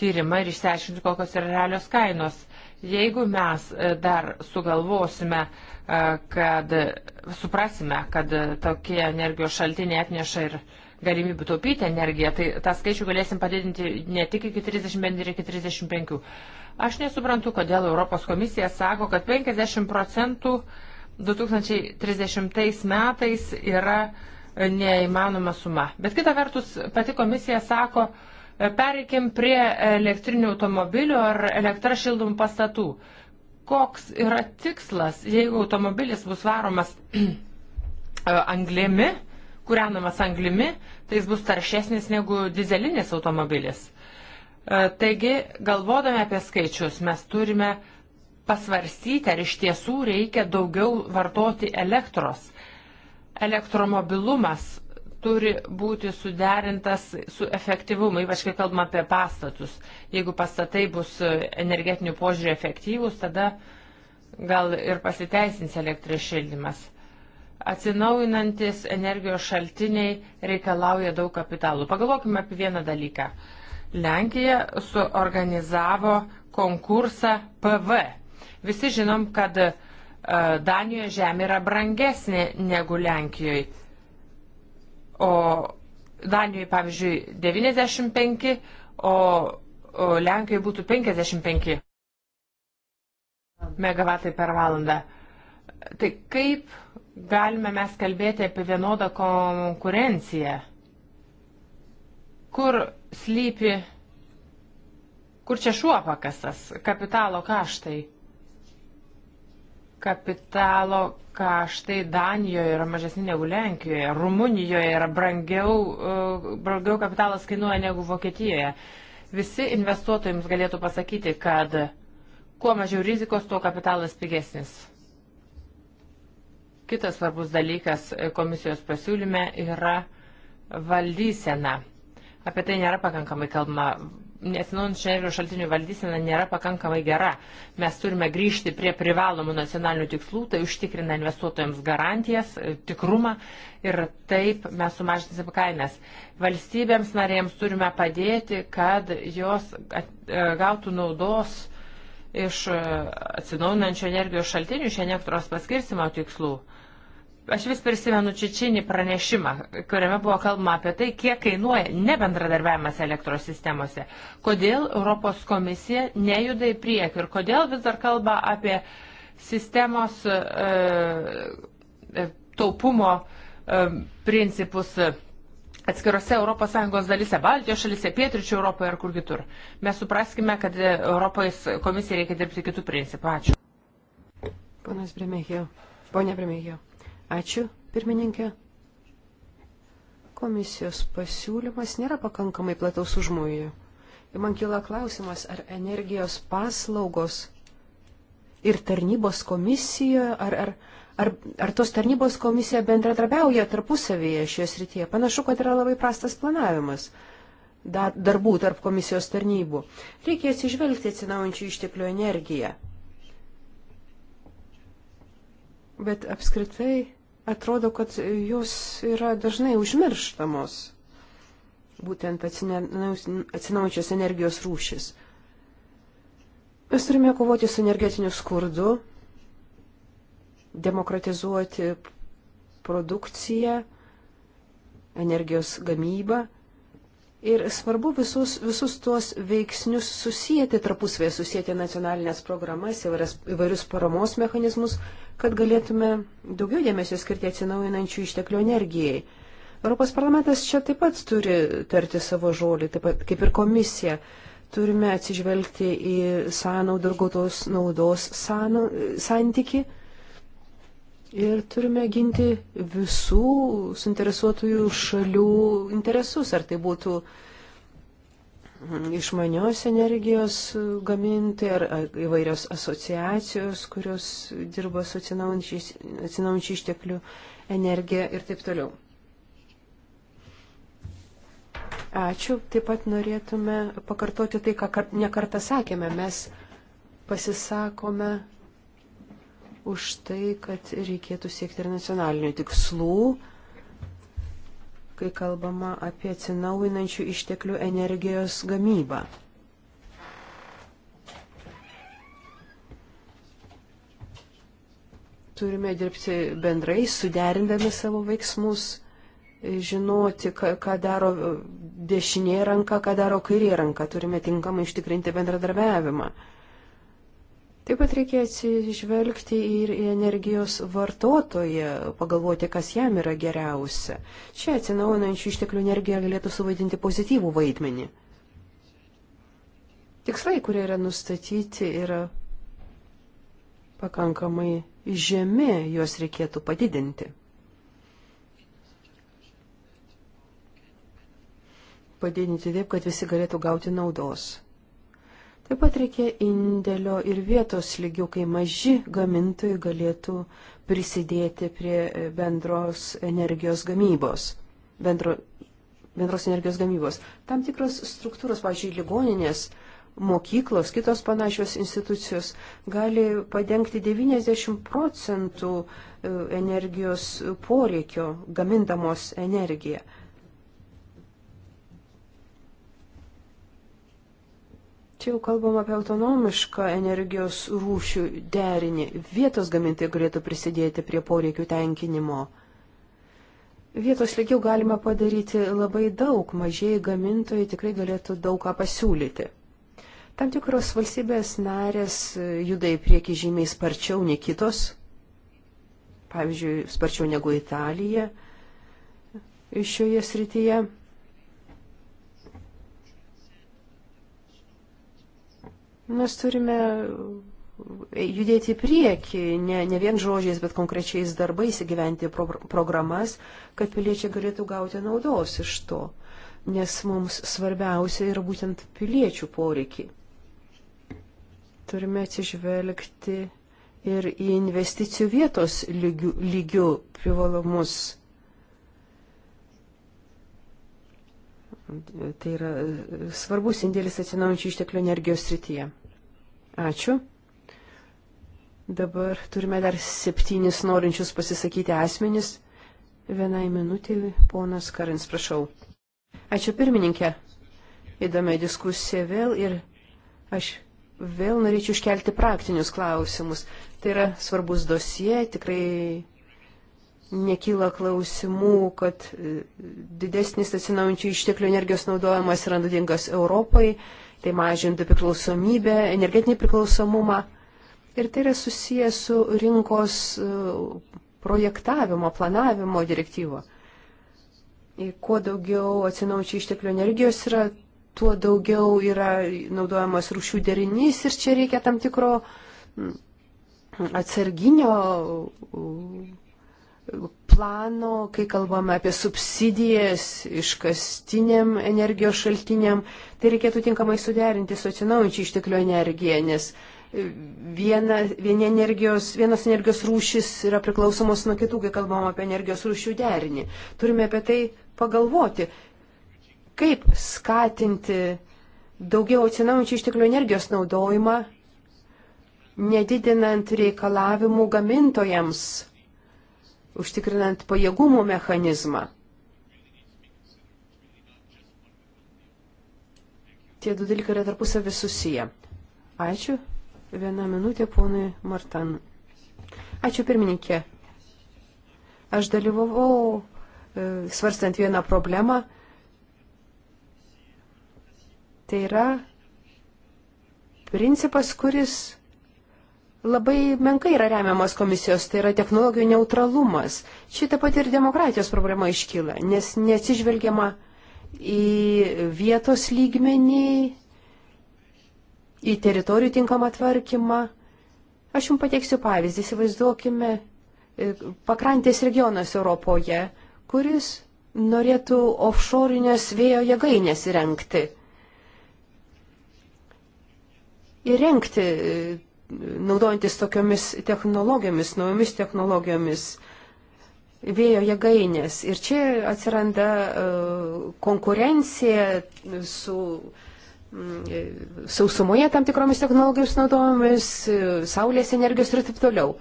tyrimą ir išsiaiškinti, kokios yra realios kainos. Jeigu mes dar sugalvosime, kad suprasime, kad tokie energijos šaltiniai atneša ir uh, galimybių taupyti energiją, tai tą skaičių galėsim padidinti ne tik iki 30, bet ir iki 35. Aš nesuprantu, kodėl Europos komisija sako, kad 50 procentų 2030 metais yra neįmanoma suma. Bet kita vertus, pati komisija sako, pereikim prie elektrinių automobilių ar elektra šildomų pastatų. Koks yra tikslas, jeigu automobilis bus varomas e, anglėmi, kūrenamas anglimi, tai jis bus taršesnis negu dizelinis automobilis. E, taigi, galvodami apie skaičius, mes turime pasvarstyti, ar iš tiesų reikia daugiau vartoti elektros. Elektromobilumas turi būti suderintas su efektyvumu, ypač kai kalbam apie pastatus. Jeigu pastatai bus energetinių požiūrį efektyvūs, tada gal ir pasiteisins elektrės šildymas. Atsinaujinantis energijos šaltiniai reikalauja daug kapitalų. Pagalvokime apie vieną dalyką. Lenkija suorganizavo konkursą PV. Visi žinom, kad e, Danijoje žemė yra brangesnė negu Lenkijoje. O Danijoje, pavyzdžiui, 95, o, o Lenkijoje būtų 55 megavatai per valandą. Tai kaip galime mes kalbėti apie vienodą konkurenciją? Kur slypi, kur čia šuo pakasas, kapitalo kaštai? Kapitalo kaštai Danijoje yra mažesni negu Lenkijoje, Rumunijoje yra brangiau, uh, brangiau kapitalas kainuoja negu Vokietijoje. Visi investuotojams galėtų pasakyti, kad kuo mažiau rizikos, tuo kapitalas pigesnis. Kitas svarbus dalykas komisijos pasiūlyme yra valdysena. Apie tai nėra pakankamai kalbama. Nesinaujančių energijos šaltinių valdysena nėra pakankamai gera. Mes turime grįžti prie privalomų nacionalinių tikslų, tai užtikrina investuotojams garantijas, tikrumą ir taip mes sumažinsim kainas. Valstybėms narėms turime padėti, kad jos e, gautų naudos iš e, atsinaujinančių energijos šaltinių iš elektros paskirstimo tikslų. Aš vis prisimenu Čičinį pranešimą, kuriame buvo kalbama apie tai, kiek kainuoja nebendradarbiavimas elektros sistemose. Kodėl Europos komisija nejuda į priekį ir kodėl vis dar kalba apie sistemos e, e taupumo e, principus atskirose ES dalise, Baltijos šalise, Pietričio Europoje ar kur kitur. Mes supraskime, kad e, Europos komisija reikia dirbti kitų principų. Ačiū. Ponas Bremėhijo. Ponia Bremėhijo. Ačiū, pirmininkė. Komisijos pasiūlymas nėra pakankamai plataus užmojų. Ir man kyla klausimas, ar energijos paslaugos ir tarnybos komisija, ar, ar, ar, ar tos tarnybos komisija bendradarbiauja tarpusavėje šioje srityje. Panašu, kad yra labai prastas planavimas darbų tarp komisijos tarnybų. Reikia atsižvelgti atsinaujančių išteklių energiją. Bet apskritai atrodo, kad jos yra dažnai užmirštamos, būtent atsinaujančios energijos rūšis. Mes turime kovoti su energetiniu skurdu, demokratizuoti produkciją, energijos gamybą. Ir svarbu visus, visus tuos veiksnius susijęti tarpusvėje, susijęti nacionalinės programas, įvairius paramos mechanizmus, kad galėtume daugiau dėmesio skirti atsinaujinančių išteklių energijai. Europos parlamentas čia taip pat turi tarti savo žodį, taip pat kaip ir komisija. Turime atsižvelgti į sąnaudų ir gautos naudos sanu, santyki ir turime ginti visų suinteresuotųjų šalių interesus, ar tai būtų uh, išmanios energijos gaminti ar įvairios asociacijos, kurios dirba su atsinaujančių išteklių energija ir taip toliau. Ačiū. Taip pat norėtume pakartoti tai, ką nekartą sakėme. Mes pasisakome už tai, kad reikėtų siekti ir nacionalinių tikslų kai kalbama apie atsinaujinančių išteklių energijos gamybą. Turime dirbti bendrai, suderindami savo veiksmus, žinoti, ką daro dešinė ranka, ką daro kairė ranka. Turime tinkamai ištikrinti bendradarbiavimą. Taip pat reikia atsižvelgti ir į energijos vartotoją, pagalvoti, kas jam yra geriausia. Čia atsinaujinančių išteklių energija galėtų suvaidinti pozityvų vaidmenį. Tikslai, kurie yra nustatyti, yra pakankamai žemi, juos reikėtų padidinti. Padidinti taip, kad visi galėtų gauti naudos. Taip pat reikia indėlio ir vietos lygių, kai maži gamintojai galėtų prisidėti prie bendros energijos gamybos. Bendro, bendros energijos gamybos. Tam tikros struktūros, pavyzdžiui, ligoninės, mokyklos, kitos panašios institucijos gali padengti 90 procentų e, energijos poreikio gamindamos energiją. Čia jau kalbam apie autonomišką energijos rūšių derinį. Vietos gamintojai galėtų prisidėti prie poreikių tenkinimo. Vietos lygių galima padaryti labai daug, mažieji gamintojai tikrai galėtų daug ką pasiūlyti. Tam tikros valstybės narės juda į priekį žymiai sparčiau nei kitos, pavyzdžiui, sparčiau negu Italija šioje srityje. Mes turime e, judėti į priekį, ne, ne vien žodžiais, bet konkrečiais darbais įgyventi pro, programas, kad piliečiai galėtų gauti naudos iš to, nes mums svarbiausia yra būtent piliečių poreikiai. Turime atsižvelgti ir į investicijų vietos lygių, lygių privalumus Tai yra e, svarbus indėlis atsinaujančių išteklių energijos srityje. Ačiū. Dabar turime dar septynis norinčius pasisakyti asmenis. Vienai minutį, ponas Karins, prašau. Ačiū pirmininkė. Įdomi diskusija vėl ir aš vėl norėčiau iškelti praktinius klausimus. Tai yra svarbus dosie, tikrai nekyla klausimų, kad e, didesnis atsinaujančių išteklių energijos naudojimas yra naudingas Europai, tai mažintų priklausomybę, energetinį priklausomumą. Ir tai yra susijęs su rinkos e, projektavimo, planavimo direktyvo. Ir kuo daugiau atsinaujančių išteklių energijos yra, tuo daugiau yra naudojamas rūšių derinys ir čia reikia tam tikro mm, atsarginio plano, kai kalbame apie subsidijas iškastiniam energijos šaltiniam, tai reikėtų tinkamai suderinti su atsinaujančia išteklių energija, nes viena, viena energijos, vienas energijos rūšis yra priklausomos nuo kitų, kai kalbam apie energijos rūšių derinį. Turime apie tai pagalvoti, kaip skatinti daugiau atsinaujančių išteklių energijos naudojimą, nedidinant reikalavimų gamintojams užtikrinant pajėgumų mechanizmą. Tie du dalykai yra tarpusavį susiję. Ačiū. Viena minutė ponui Martan. Ačiū pirmininkė. Aš dalyvavau e, svarstant vieną problemą. Tai yra principas, kuris labai menkai yra remiamas komisijos, tai yra technologijų neutralumas. Šitą pat ir demokratijos problema iškyla, nes neatsižvelgiama į vietos lygmenį, į teritorijų tinkamą tvarkymą. Aš jums pateiksiu pavyzdį, įsivaizduokime e, pakrantės regionas Europoje, kuris norėtų offshore'inės vėjo jėgainės įrengti. Įrengti naudojantis tokiomis technologijomis, naujomis technologijomis, vėjo jėgainės. Ir čia atsiranda e, konkurencija su mm, sausumoje tam tikromis technologijomis naudojomis, e, saulės energijos ir taip toliau.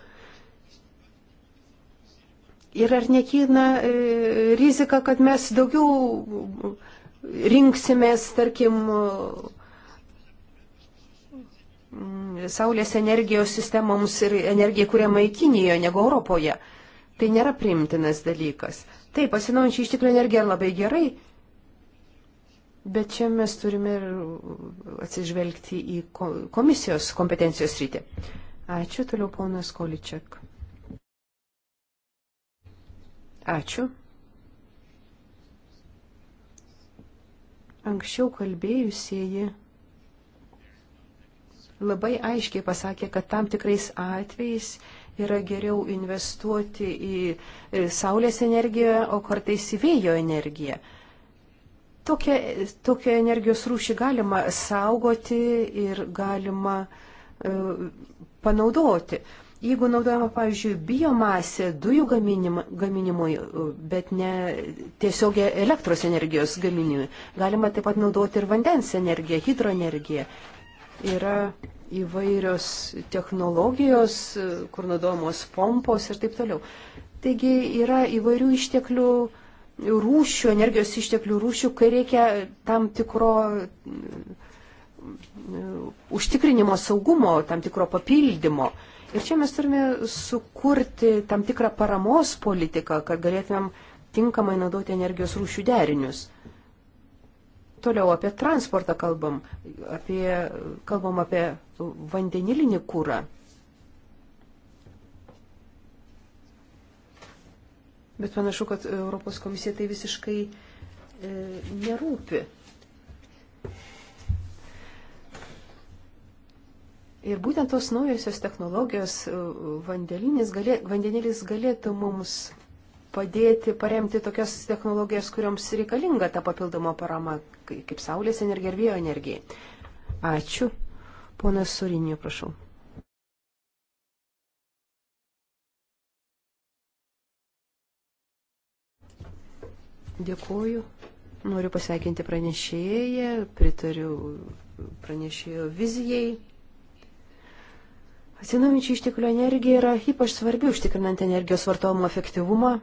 Ir ar nekyna e, rizika, kad mes daugiau rinksimės, tarkim, Mm, saulės energijos sistemoms ir energijai kuriamai Kinijoje negu Europoje. Tai nėra primtinas dalykas. Taip, pasinaujančiai ištiklių energija labai gerai, bet čia mes turime ir atsižvelgti į komisijos kompetencijos rytį. Ačiū, toliau ponas Količiak. Ačiū. Anksčiau kalbėjusieji labai aiškiai pasakė, kad tam tikrais atvejais yra geriau investuoti į e, saulės energiją, o kartais į vėjo energiją. Tokią, tokią energijos rūšį galima saugoti ir galima e, panaudoti. Jeigu naudojama, pavyzdžiui, biomasė dujų gaminim, gaminimui, e, bet ne tiesiog elektros energijos gaminimui, galima taip pat naudoti ir vandens energiją, hidroenergiją. Yra įvairios technologijos, kur naudojamos pompos ir taip toliau. Taigi yra įvairių išteklių rūšių, energijos išteklių rūšių, kai reikia tam tikro mm, užtikrinimo saugumo, tam tikro papildymo. Ir čia mes turime sukurti tam tikrą paramos politiką, kad galėtumėm tinkamai naudoti energijos rūšių derinius. Toliau apie transportą kalbam, apie, kalbam apie vandenilinį kūrą. Bet panašu, kad Europos komisija tai visiškai e, nerūpi. Ir būtent tos naujosios technologijos e, vandenilis, galė, vandenilis galėtų mums padėti paremti tokias technologijas, kuriuoms reikalinga ta papildoma parama, kaip saulės energija ir vėjo energija. Ačiū. Ponas Surinio, prašau. Dėkuoju. Noriu pasveikinti pranešėją, pritariu pranešėjo vizijai. Atsinaujančių išteklių energija yra ypač svarbi užtikrinant energijos vartojimo efektyvumą,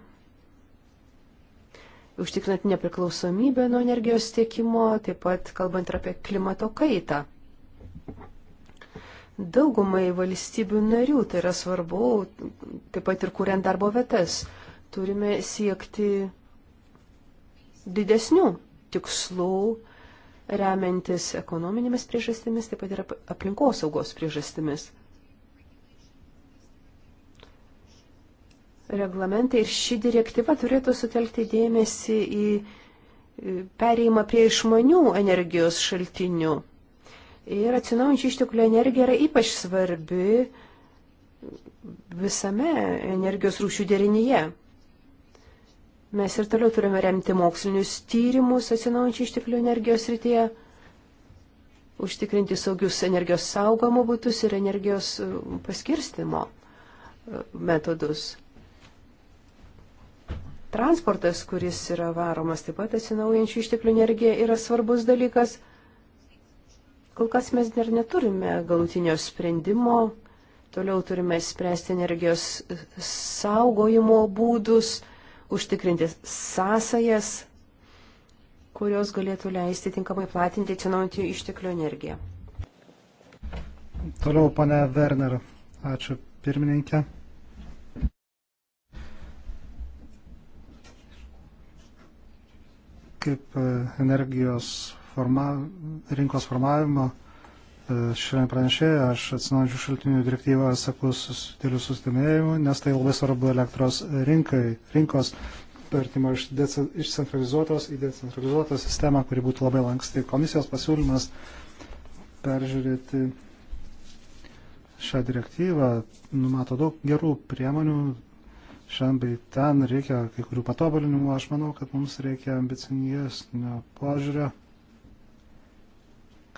užtikrinant nepriklausomybę nuo energijos tiekimo, taip pat kalbant ir apie klimato kaitą. Daugumai valstybių narių tai yra svarbu, taip pat ir kuriant darbo vietas, turime siekti didesnių tikslų, remiantis ekonominėmis priežastimis, taip pat ir aplinkosaugos priežastimis. reglamentai ir ši direktyva turėtų sutelkti dėmesį į pereimą prie išmanių energijos šaltinių. Ir atsinaujančių išteklių energija yra ypač svarbi visame energijos rūšių derinyje. Mes ir toliau turime remti mokslinius tyrimus atsinaujančių išteklių energijos rytyje, užtikrinti saugius energijos saugomo būtus ir energijos paskirstimo metodus. Transportas, kuris yra varomas taip pat atsinaujančių išteklių energija, yra svarbus dalykas. Kol kas mes dar neturime galutinio sprendimo, toliau turime spręsti energijos saugojimo būdus, užtikrinti sąsajas, kurios galėtų leisti tinkamai platinti atsinaujantį išteklių energiją. Toliau, pane Werner, ačiū pirmininkė. kaip e, energijos forma, rinkos formavimo e, šiame pranešėje aš atsinaujančių šaltinių direktyvą sakau su dideliu sustimėjimu, nes tai labai svarbu elektros rinkai, rinkos pertimo iš, iš centralizuotos į decentralizuotą sistemą, kuri būtų labai lanksti. Komisijos pasiūlymas peržiūrėti šią direktyvą numato daug gerų priemonių, šiam bei ten reikia kai kurių patobulinimų. Aš manau, kad mums reikia ambicingesnio požiūrio,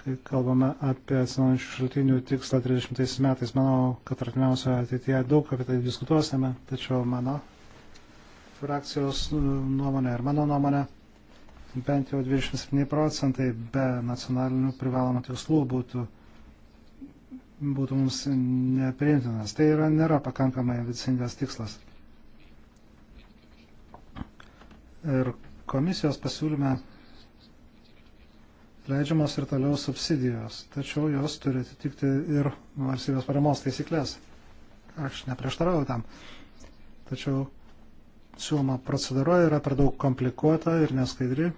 kai kalbame apie atsinaujančių šaltinių tikslą 30 metais. Manau, kad artimiausioje ateityje daug apie tai diskutuosime, tačiau mano frakcijos e, nuomonė ir mano nuomonė bent jau 27 procentai be nacionalinių privalomų tikslų būtų būtų mums nepriimtinas. Tai yra, nėra pakankamai ambicingas tikslas. ir komisijos pasiūlyme leidžiamos ir toliau subsidijos, tačiau jos turi atitikti ir valstybės paramos taisyklės. Aš neprieštarauju tam. Tačiau siūloma procedūra yra per daug komplikuota ir neskaidri.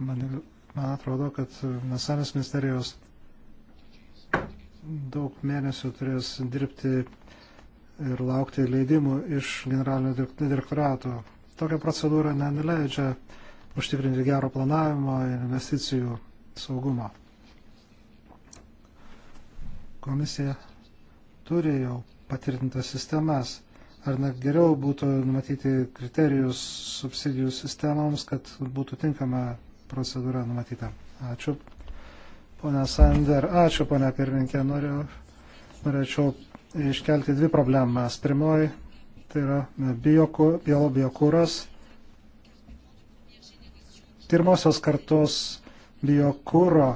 Man, man atrodo, kad nacionalinės ministerijos daug mėnesių turės dirbti ir laukti leidimų iš generalinio direktorato. Tokia procedūra neleidžia užtikrinti gero planavimo ir investicijų saugumo. Komisija turi jau patvirtintas sistemas. Ar net geriau būtų numatyti kriterijus subsidijų sistemoms, kad būtų tinkama procedūra numatyta. Ačiū. Pone Sander, ačiū, pone pirminkė. Noriu, norėčiau iškelti dvi problemas. Pirmoji tai yra biokūras. Bio Pirmosios kartos biokūro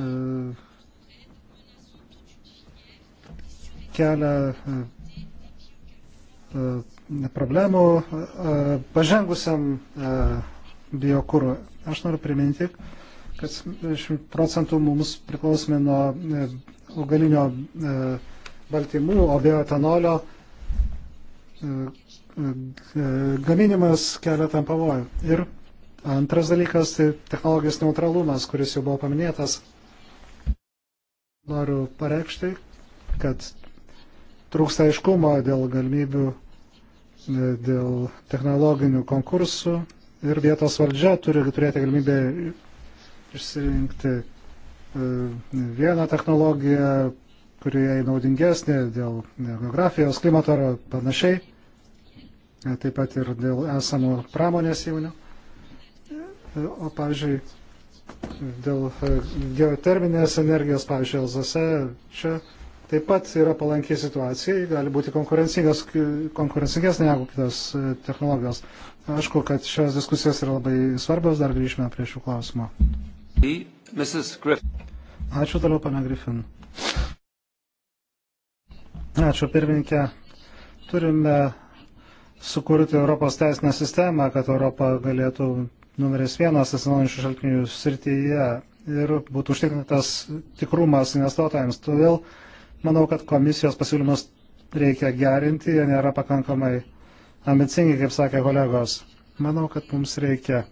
e, kelia e, e, problemų e, pažengusiam e, biokūrų. Aš noriu priminti, kad 10 procentų mums priklausome nuo e, augalinio e, baltymų, o bioetanolio e, e, gaminimas kelia tam pavojų. Ir antras dalykas tai technologijos neutralumas, kuris jau buvo paminėtas. Noriu pareikšti, kad trūksta aiškumo dėl galimybių, dėl technologinių konkursų ir vietos valdžia turi turėti galimybę išsirinkti vieną technologiją, kuri jai naudingesnė dėl geografijos, klimato ar panašiai, e, taip pat ir dėl esamų pramonės įmonių. E, o pavyzdžiui, dėl e, geoterminės energijos, pavyzdžiui, Elzase, čia taip pat yra palankiai situacijai, gali būti konkurencingesnė negu kitos technologijos. Aišku, kad šios diskusijos yra labai svarbios, dar grįžime prie šių klausimų. Ačiū toliau, pana Griffin. Ačiū pirmininkė. Turime sukurti Europos teisinę sistemą, kad Europa galėtų numeris vienas atsinaujinčių šaltinių srityje ir būtų užtikrintas tikrumas investuotojams. Todėl manau, kad komisijos pasiūlymus reikia gerinti, jie nėra pakankamai ambicingi, kaip sakė kolegos. Manau, kad mums reikia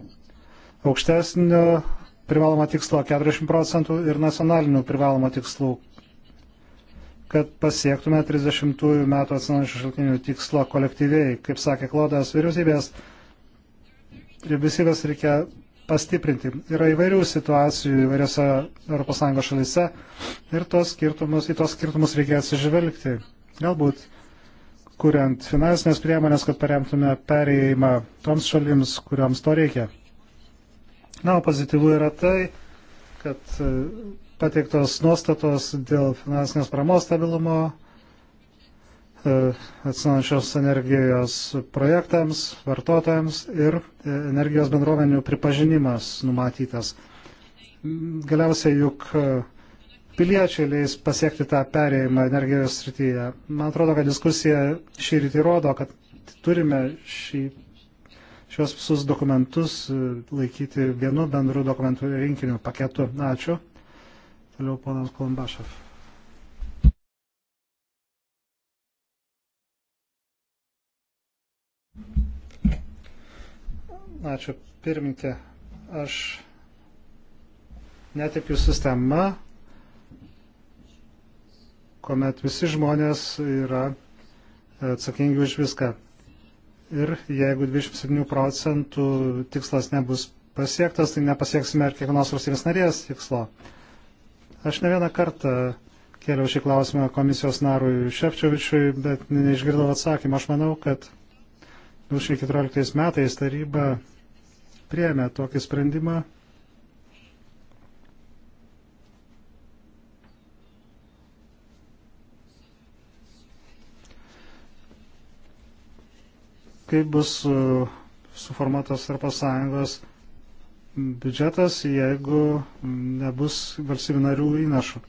aukštesnio privalomo tikslo 40 procentų ir nacionalinių privalomo tikslų, kad pasiektume 30 metų atsinaujančių šaltinių tikslo kolektyviai. Kaip sakė Klodas, vyriausybės, vyriausybės reikia pastiprinti. Yra įvairių situacijų įvairiose ES šalise ir tos skirtumus, į tos skirtumus reikia atsižvelgti. Galbūt kuriant finansinės priemonės, kad paremtume perėjimą toms šalims, kuriams to reikia. Na, o pozityvų yra tai, kad e, pateiktos nuostatos dėl finansinės paramos stabilumo e, atsinaujančios energijos projektams, vartotojams ir e, energijos bendruomenių pripažinimas numatytas. Galiausiai juk piliečiai leis pasiekti tą perėjimą energijos srityje. Man atrodo, kad diskusija šį rytį rodo, kad turime šį šios visus dokumentus e, laikyti vienu bendru dokumentų rinkiniu paketu. Ačiū. Toliau ponas Kolumbašov. Ačiū pirminkė. Aš netikiu sistema, kuomet visi žmonės yra e, atsakingi už viską ir jeigu 27 procentų tikslas nebus pasiektas, tai nepasieksime ir kiekvienos valstybės narės tikslo. Aš ne vieną kartą kėliau šį klausimą komisijos narui Šepčiovičiui, bet neišgirdau atsakymą. Aš manau, kad 2014 metais taryba priemė tokį sprendimą kaip bus e, suformuotas Europos Sąjungos biudžetas, jeigu nebus valstybių narių įnašų.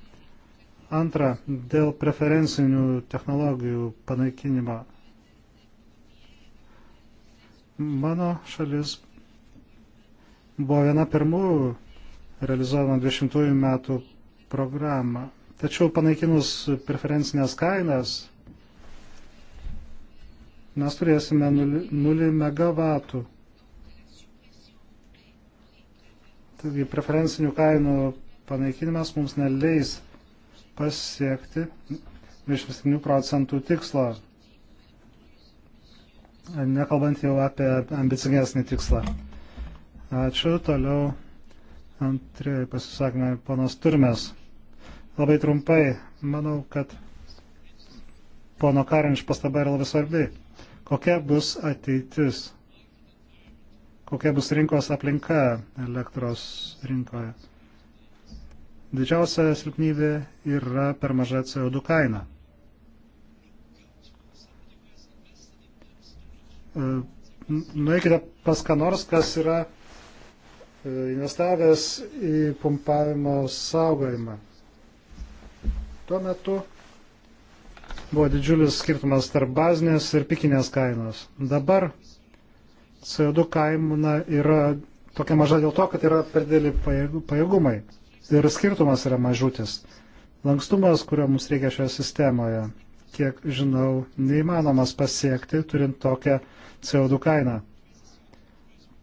Antra, dėl preferencinių technologijų panaikinimo. Mano šalis buvo viena pirmųjų realizuojama 20 metų programą. Tačiau panaikinus preferencinės kainas, mes turėsime 0 MW. Taigi preferencinių kainų panaikinimas mums neleis pasiekti 27 procentų tikslo, nekalbant jau apie ambicingesnį tikslą. Ačiū, toliau antrieji pasisakymai ponas Turmes. Labai trumpai, manau, kad pono Karinč pastaba yra labai svarbi kokia bus ateitis, kokia bus rinkos aplinka elektros rinkoje. Didžiausia silpnybė yra per maža CO2 kaina. E, Nuėkite pas ką nors, kas yra e, investavęs į pumpavimo saugojimą. Tuo metu buvo didžiulis skirtumas tarp bazinės ir pikinės kainos. Dabar CO2 kaina yra tokia maža dėl to, kad yra per dėlį pajėgumai ir skirtumas yra mažutis. Lankstumas, kurio mums reikia šioje sistemoje, kiek žinau, neįmanomas pasiekti, turint tokią CO2 kainą.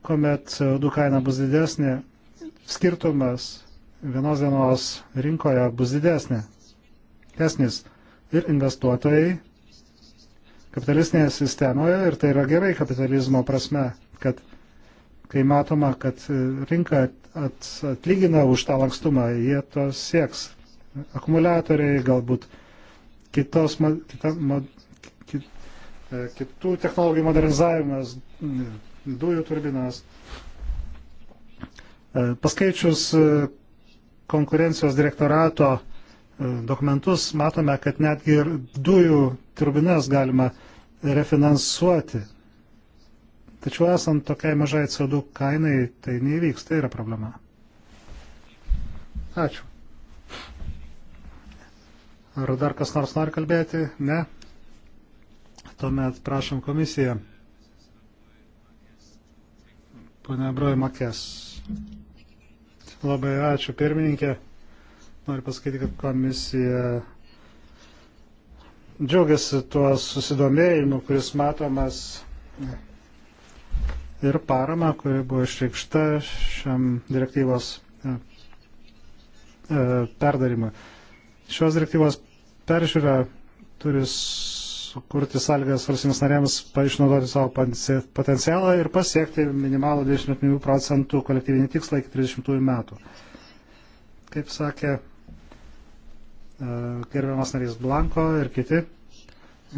Komet CO2 kaina bus didesnė, skirtumas vienos dienos rinkoje bus didesnė. Esnis ir investuotojai kapitalistinėje sistemoje, ir tai yra gerai kapitalizmo prasme, kad kai matoma, kad rinka atlygina už tą lankstumą, jie to sieks. Akumuliatoriai, galbūt kitos, kita, ma, kit, e, kitų technologijų modernizavimas, dujų turbinas. E, paskaičius e, konkurencijos direktorato E, dokumentus, matome, kad netgi ir dujų turbinas galima refinansuoti. Tačiau esant tokiai mažai CO2 kainai, tai neįvyks, tai yra problema. Ačiū. Ar dar kas nors nori kalbėti? Ne. Tuomet prašom komisiją. Pane Broj Makės. Labai ačiū pirmininkė. Noriu pasakyti, kad komisija džiaugiasi tuo susidomėjimu, kuris matomas ir parama, kuri buvo išreikšta šiam direktyvos e, e, perdarimui. Šios direktyvos peržiūra turi sukurti sąlygas valstybės narėms išnaudoti savo potencialą ir pasiekti minimalų 25 procentų kolektyvinį tikslą iki 30 metų. Kaip sakė E, gerbiamas narys Blanko ir kiti.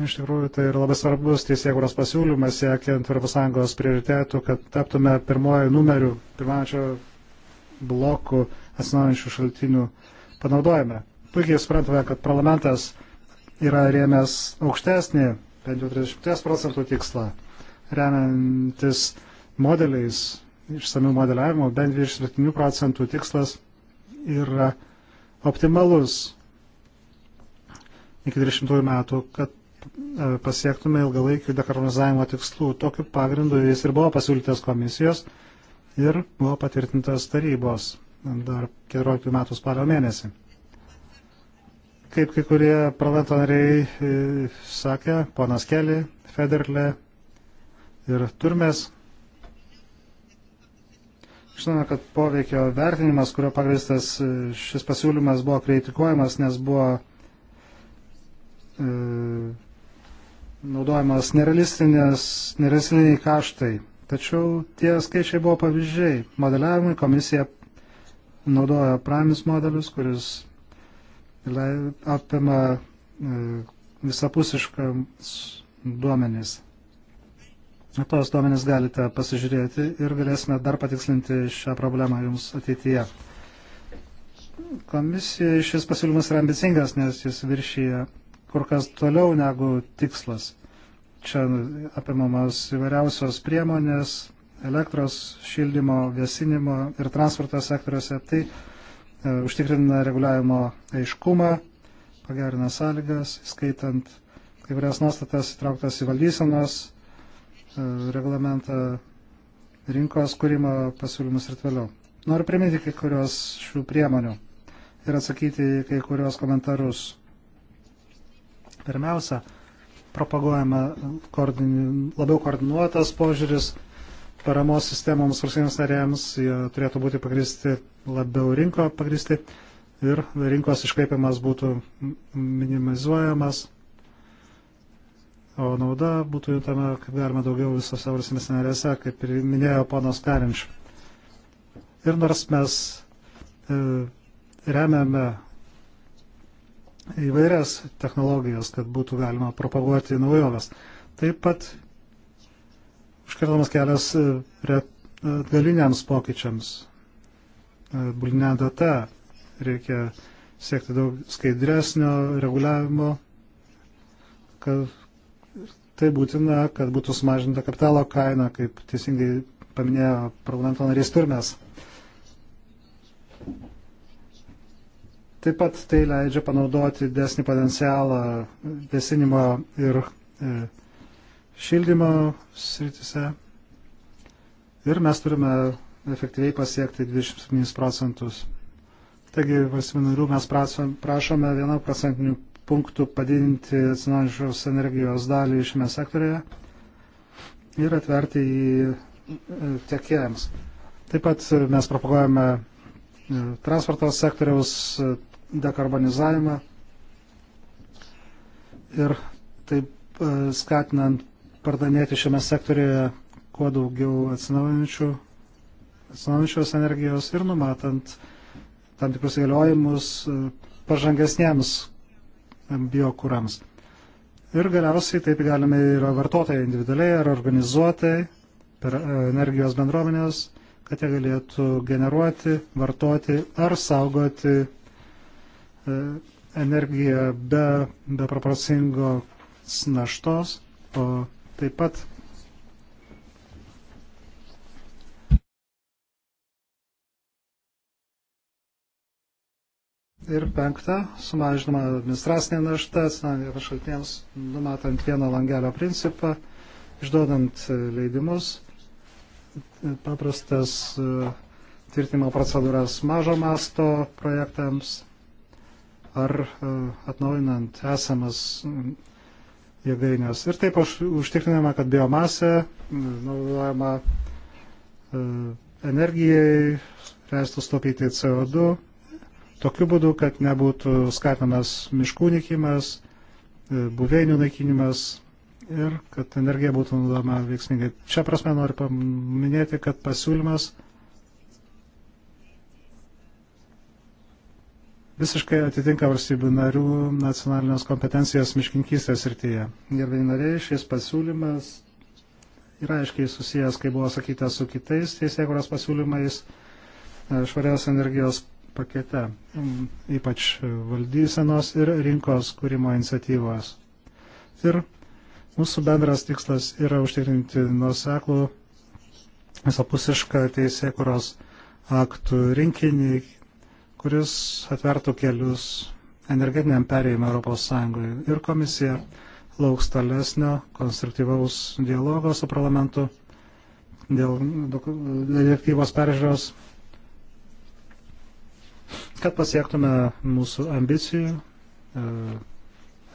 Iš tikrųjų, tai yra labai svarbus teisėkuros pasiūlymas siekiant ES prioritėtų, kad taptume pirmojo numeriu, pirmančio blokų atsinaujančių šaltinių panaudojame. Puikiai suprantame, kad parlamentas yra rėmęs aukštesnį, bent jau 30 procentų tikslą, remiantis modeliais, išsamių modeliavimo, bent 27 procentų tikslas yra optimalus iki 20 metų, kad e, pasiektume ilgalaikių dekarbonizavimo tikslų. Tokiu pagrindu jis ir buvo pasiūlytas komisijos ir buvo patvirtintas tarybos dar 14 metų spalio mėnesį. Kaip kai kurie parlamento nariai e, sakė, ponas Keli, Federle ir Turmes, Žinome, kad poveikio vertinimas, kurio pagristas e, šis pasiūlymas buvo kritikuojamas, nes buvo e, naudojamas nerealistiniai kaštai. Tačiau tie skaičiai buvo pavyzdžiai. Modeliavimui komisija naudoja Primis modelius, kuris apima e, visapusišką duomenys. Tos duomenys galite pasižiūrėti ir galėsime dar patikslinti šią problemą jums ateityje. Komisijai šis pasiūlymas yra ambicingas, nes jis viršyje kur kas toliau negu tikslas. Čia apimamas įvairiausios priemonės, elektros, šildymo, vėsinimo ir transporto sektoriuose. Tai e, užtikrina reguliavimo aiškumą, pagerina sąlygas, skaitant kai kurias nuostatas įtrauktas į valdysenos e, reglamentą, rinkos kūrimo pasiūlymus ir toliau. Noriu priminti kai kurios šių priemonių ir atsakyti kai kurios komentarus. Pirmiausia, propaguojama koordin, labiau koordinuotas požiūris paramos sistemoms valstybėms narėms, jie turėtų būti pagristi labiau rinko pagristi ir rinkos iškreipimas būtų minimizuojamas, o nauda būtų juntama, kaip galima daugiau visose valstybės narėse, kaip ir minėjo ponas Karinč. Ir nors mes e, remiame įvairias technologijas, kad būtų galima propaguoti naujoves. Taip pat užkirtamas kelias atgaliniams e, e, pokyčiams. E, bulinė data reikia siekti daug skaidresnio reguliavimo, kad tai būtina, kad būtų sumažinta kapitalo kaina, kaip teisingai paminėjo parlamento narys Turmes. Taip pat tai leidžia panaudoti desnį potencialą vėsinimo ir e, šildymo sritise. Ir mes turime efektyviai pasiekti 27 procentus. Taigi, valstybinarių mes prašome 1 procentinių punktų padidinti atsinaujančios energijos dalį šiame sektorėje ir atverti jį e, tiekėjams. Taip pat mes propaguojame e, transporto sektoriaus dekarbonizavimą ir taip e, skatinant pardavinėti šiame sektorėje kuo daugiau atsinaujančios energijos ir numatant tam tikrus įgaliojimus e, pažangesniems biokūrams. Ir galiausiai taip galime ir vartotojai individualiai ar organizuotai per e, energijos bendruomenės, kad jie galėtų generuoti, vartoti ar saugoti E, energiją be, be proporcingo naštos, o taip pat Ir penkta, sumažinama administracinė našta atsinaujinantiems šaltiniams, numatant vieno langelio principą, išduodant leidimus, paprastas e, tvirtinimo procedūras mažo masto projektams ar e, atnaujinant esamas jėgainės. Ir taip užtikrinama, kad biomasė naudojama e, energijai, leistų stopyti CO2, tokiu būdu, kad nebūtų skatinamas miškų nikimas, e, buveinių naikinimas ir kad energija būtų naudojama veiksmingai. Čia prasme noriu paminėti, kad pasiūlymas visiškai atitinka valstybių narių nacionalinės kompetencijas miškinkystės rytyje. Gerbėjai nariai, šis pasiūlymas yra aiškiai susijęs, kaip buvo sakyta, su kitais teisėkuros pasiūlymais e, švarios energijos pakete, ypač valdysenos ir rinkos kūrimo iniciatyvos. Ir mūsų bendras tikslas yra užtikrinti nuoseklų visapusišką teisėkuros aktų rinkinį kuris atvertų kelius energetiniam perėjimui Europos Sąjungoje. Ir komisija lauks tolesnio konstruktyvaus dialogo su parlamentu dėl direktyvos peržiūros, kad pasiektume mūsų ambicijų e,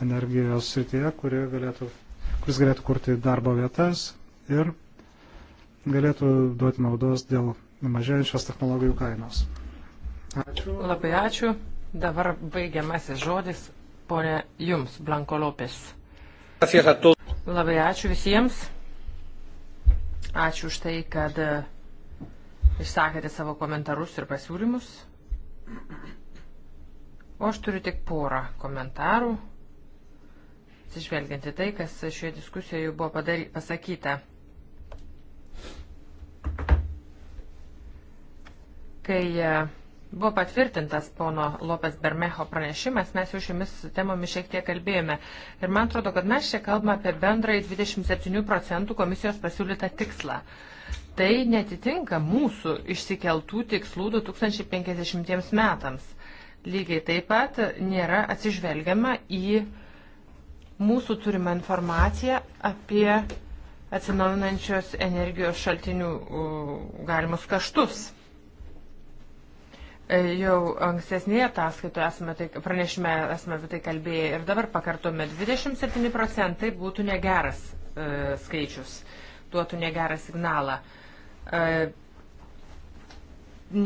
energijos srityje, galėtų, kuris galėtų kurti darbo vietas ir galėtų duoti naudos dėl mažėjančios technologijų kainos. Ačiū. Labai ačiū. Dabar baigiamasis žodis, ponė Jums, Blanko Lopės. Labai ačiū visiems. Ačiū už tai, kad e, išsakėte savo komentarus ir pasiūlymus. O aš turiu tik porą komentarų, atsižvelgiant į tai, kas šioje diskusijoje jau buvo padary, pasakyta. Kai uh, Buvo patvirtintas pono Lopes Bermeho pranešimas, mes jau šiomis temomis šiek tiek kalbėjome. Ir man atrodo, kad mes čia kalbame apie bendrąjį 27 procentų komisijos pasiūlytą tikslą. Tai netitinka mūsų išsikeltų tikslų 2050 metams. Lygiai taip pat nėra atsižvelgiama į mūsų turimą informaciją apie atsinaujinančios energijos šaltinių galimus kaštus. Jau ankstesnėje ataskaitoje esame tai, pranešime esame apie tai kalbėję ir dabar pakartome, 27 procentai būtų negeras e, skaičius, duotų negerą signalą. E,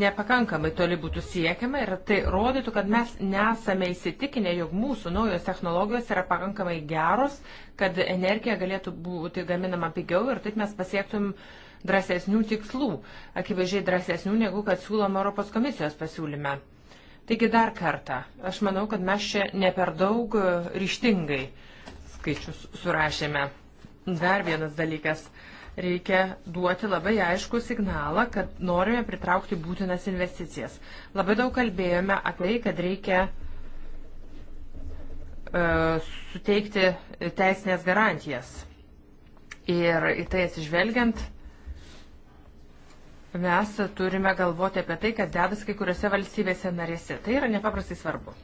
nepakankamai toli būtų siekiama ir tai rodytų, kad mes nesame įsitikinę, jog mūsų naujos technologijos yra pakankamai geros, kad energija galėtų būti gaminama pigiau ir taip mes pasiektum uh, drąsesnių tikslų, akivaizdžiai drąsesnių negu kad siūloma Europos komisijos pasiūlyme. Taigi dar kartą, aš manau, kad mes čia ne per daug e, ryštingai skaičius surašėme. Dar vienas dalykas. Reikia duoti labai aišku signalą, kad norime pritraukti būtinas investicijas. Labai daug kalbėjome apie tai, kad reikia e, suteikti teisinės garantijas. Ir į tai atsižvelgiant, mes turime galvoti apie tai, kas dedas kai kuriuose valstybėse narėse. Tai yra nepaprastai svarbu.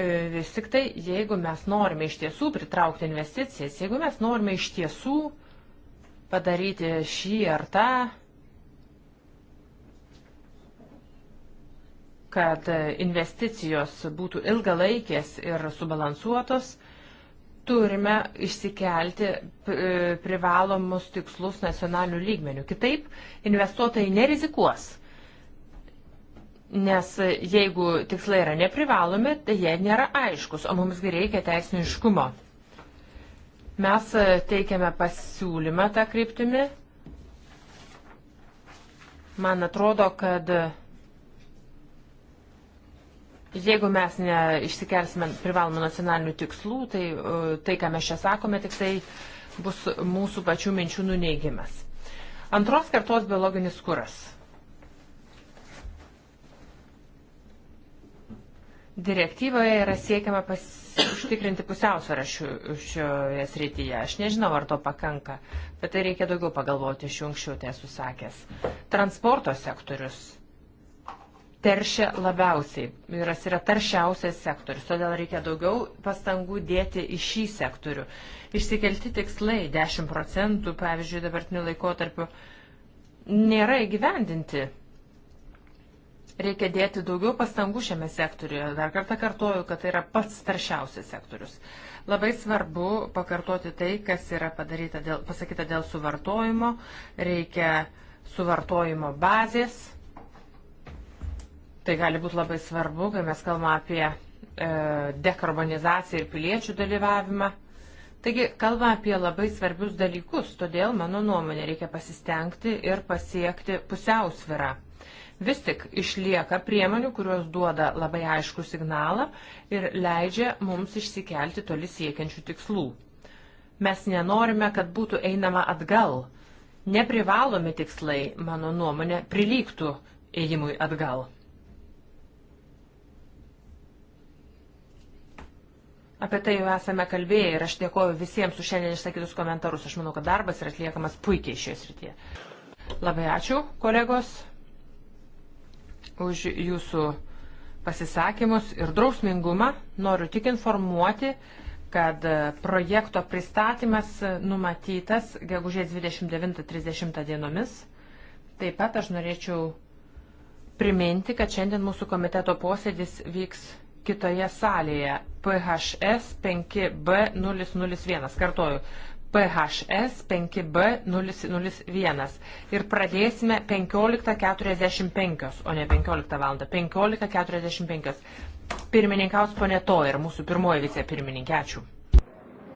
E, vis tik tai, jeigu mes norime iš tiesų pritraukti investicijas, jeigu mes norime iš tiesų padaryti šį ar tą, kad investicijos būtų ilgalaikės ir subalansuotos, turime išsikelti e, privalomus tikslus nacionalių lygmenių. Kitaip investuotojai nerizikuos, nes jeigu tikslai yra neprivalomi, tai jie nėra aiškus, o mums reikia teisniškumo. Mes e, teikiame pasiūlymą tą kryptimį. Man atrodo, kad Jeigu mes neišsikelsime privalomų nacionalinių tikslų, tai e, tai, ką mes čia sakome, tik tai bus mūsų pačių minčių nuneigimas. Antros kartos biologinis kuras. Direktyvoje yra siekiama užtikrinti pusiausvarą šioje srityje. Aš nežinau, ar to pakanka, bet tai reikia daugiau pagalvoti, iš jų anksčiau tai esu sakęs. Transporto sektorius teršia labiausiai. Vyras yra taršiausias sektorius, todėl reikia daugiau pastangų dėti į šį sektorių. Išsikelti tikslai 10 procentų, pavyzdžiui, dabartiniu laikotarpiu, nėra įgyvendinti. Reikia dėti daugiau pastangų šiame sektoriuje. Dar kartą kartoju, kad tai yra pats taršiausias sektorius. Labai svarbu pakartoti tai, kas yra padaryta dėl, pasakyta dėl suvartojimo. Reikia suvartojimo bazės Tai gali būti labai svarbu, kai mes kalbame apie e, dekarbonizaciją ir piliečių dalyvavimą. Taigi, kalbame apie labai svarbius dalykus, todėl, mano nuomonė, reikia pasistengti ir pasiekti pusiausvirą. Vis tik išlieka priemonių, kurios duoda labai aišku signalą ir leidžia mums išsikelti toli siekiančių tikslų. Mes nenorime, kad būtų einama atgal. Neprivalomi tikslai, mano nuomonė, prilygtų ėjimui atgal. Apie tai jau esame kalbėję ir aš dėkoju visiems už šiandien išsakytus komentarus. Aš manau, kad darbas yra atliekamas puikiai šioje srityje. Labai ačiū, kolegos, už jūsų pasisakymus ir drausmingumą. Noriu tik informuoti, kad projekto pristatymas numatytas gegužės 29-30 dienomis. Taip pat aš norėčiau priminti, kad šiandien mūsų komiteto posėdis vyks kitoje salėje PHS 5B001. Kartoju, PHS 5B001. Ir pradėsime 15.45, o ne 15 val. 15.45. Pirmininkaus ponė to ir mūsų pirmoji vicepirmininkė. Ačiū.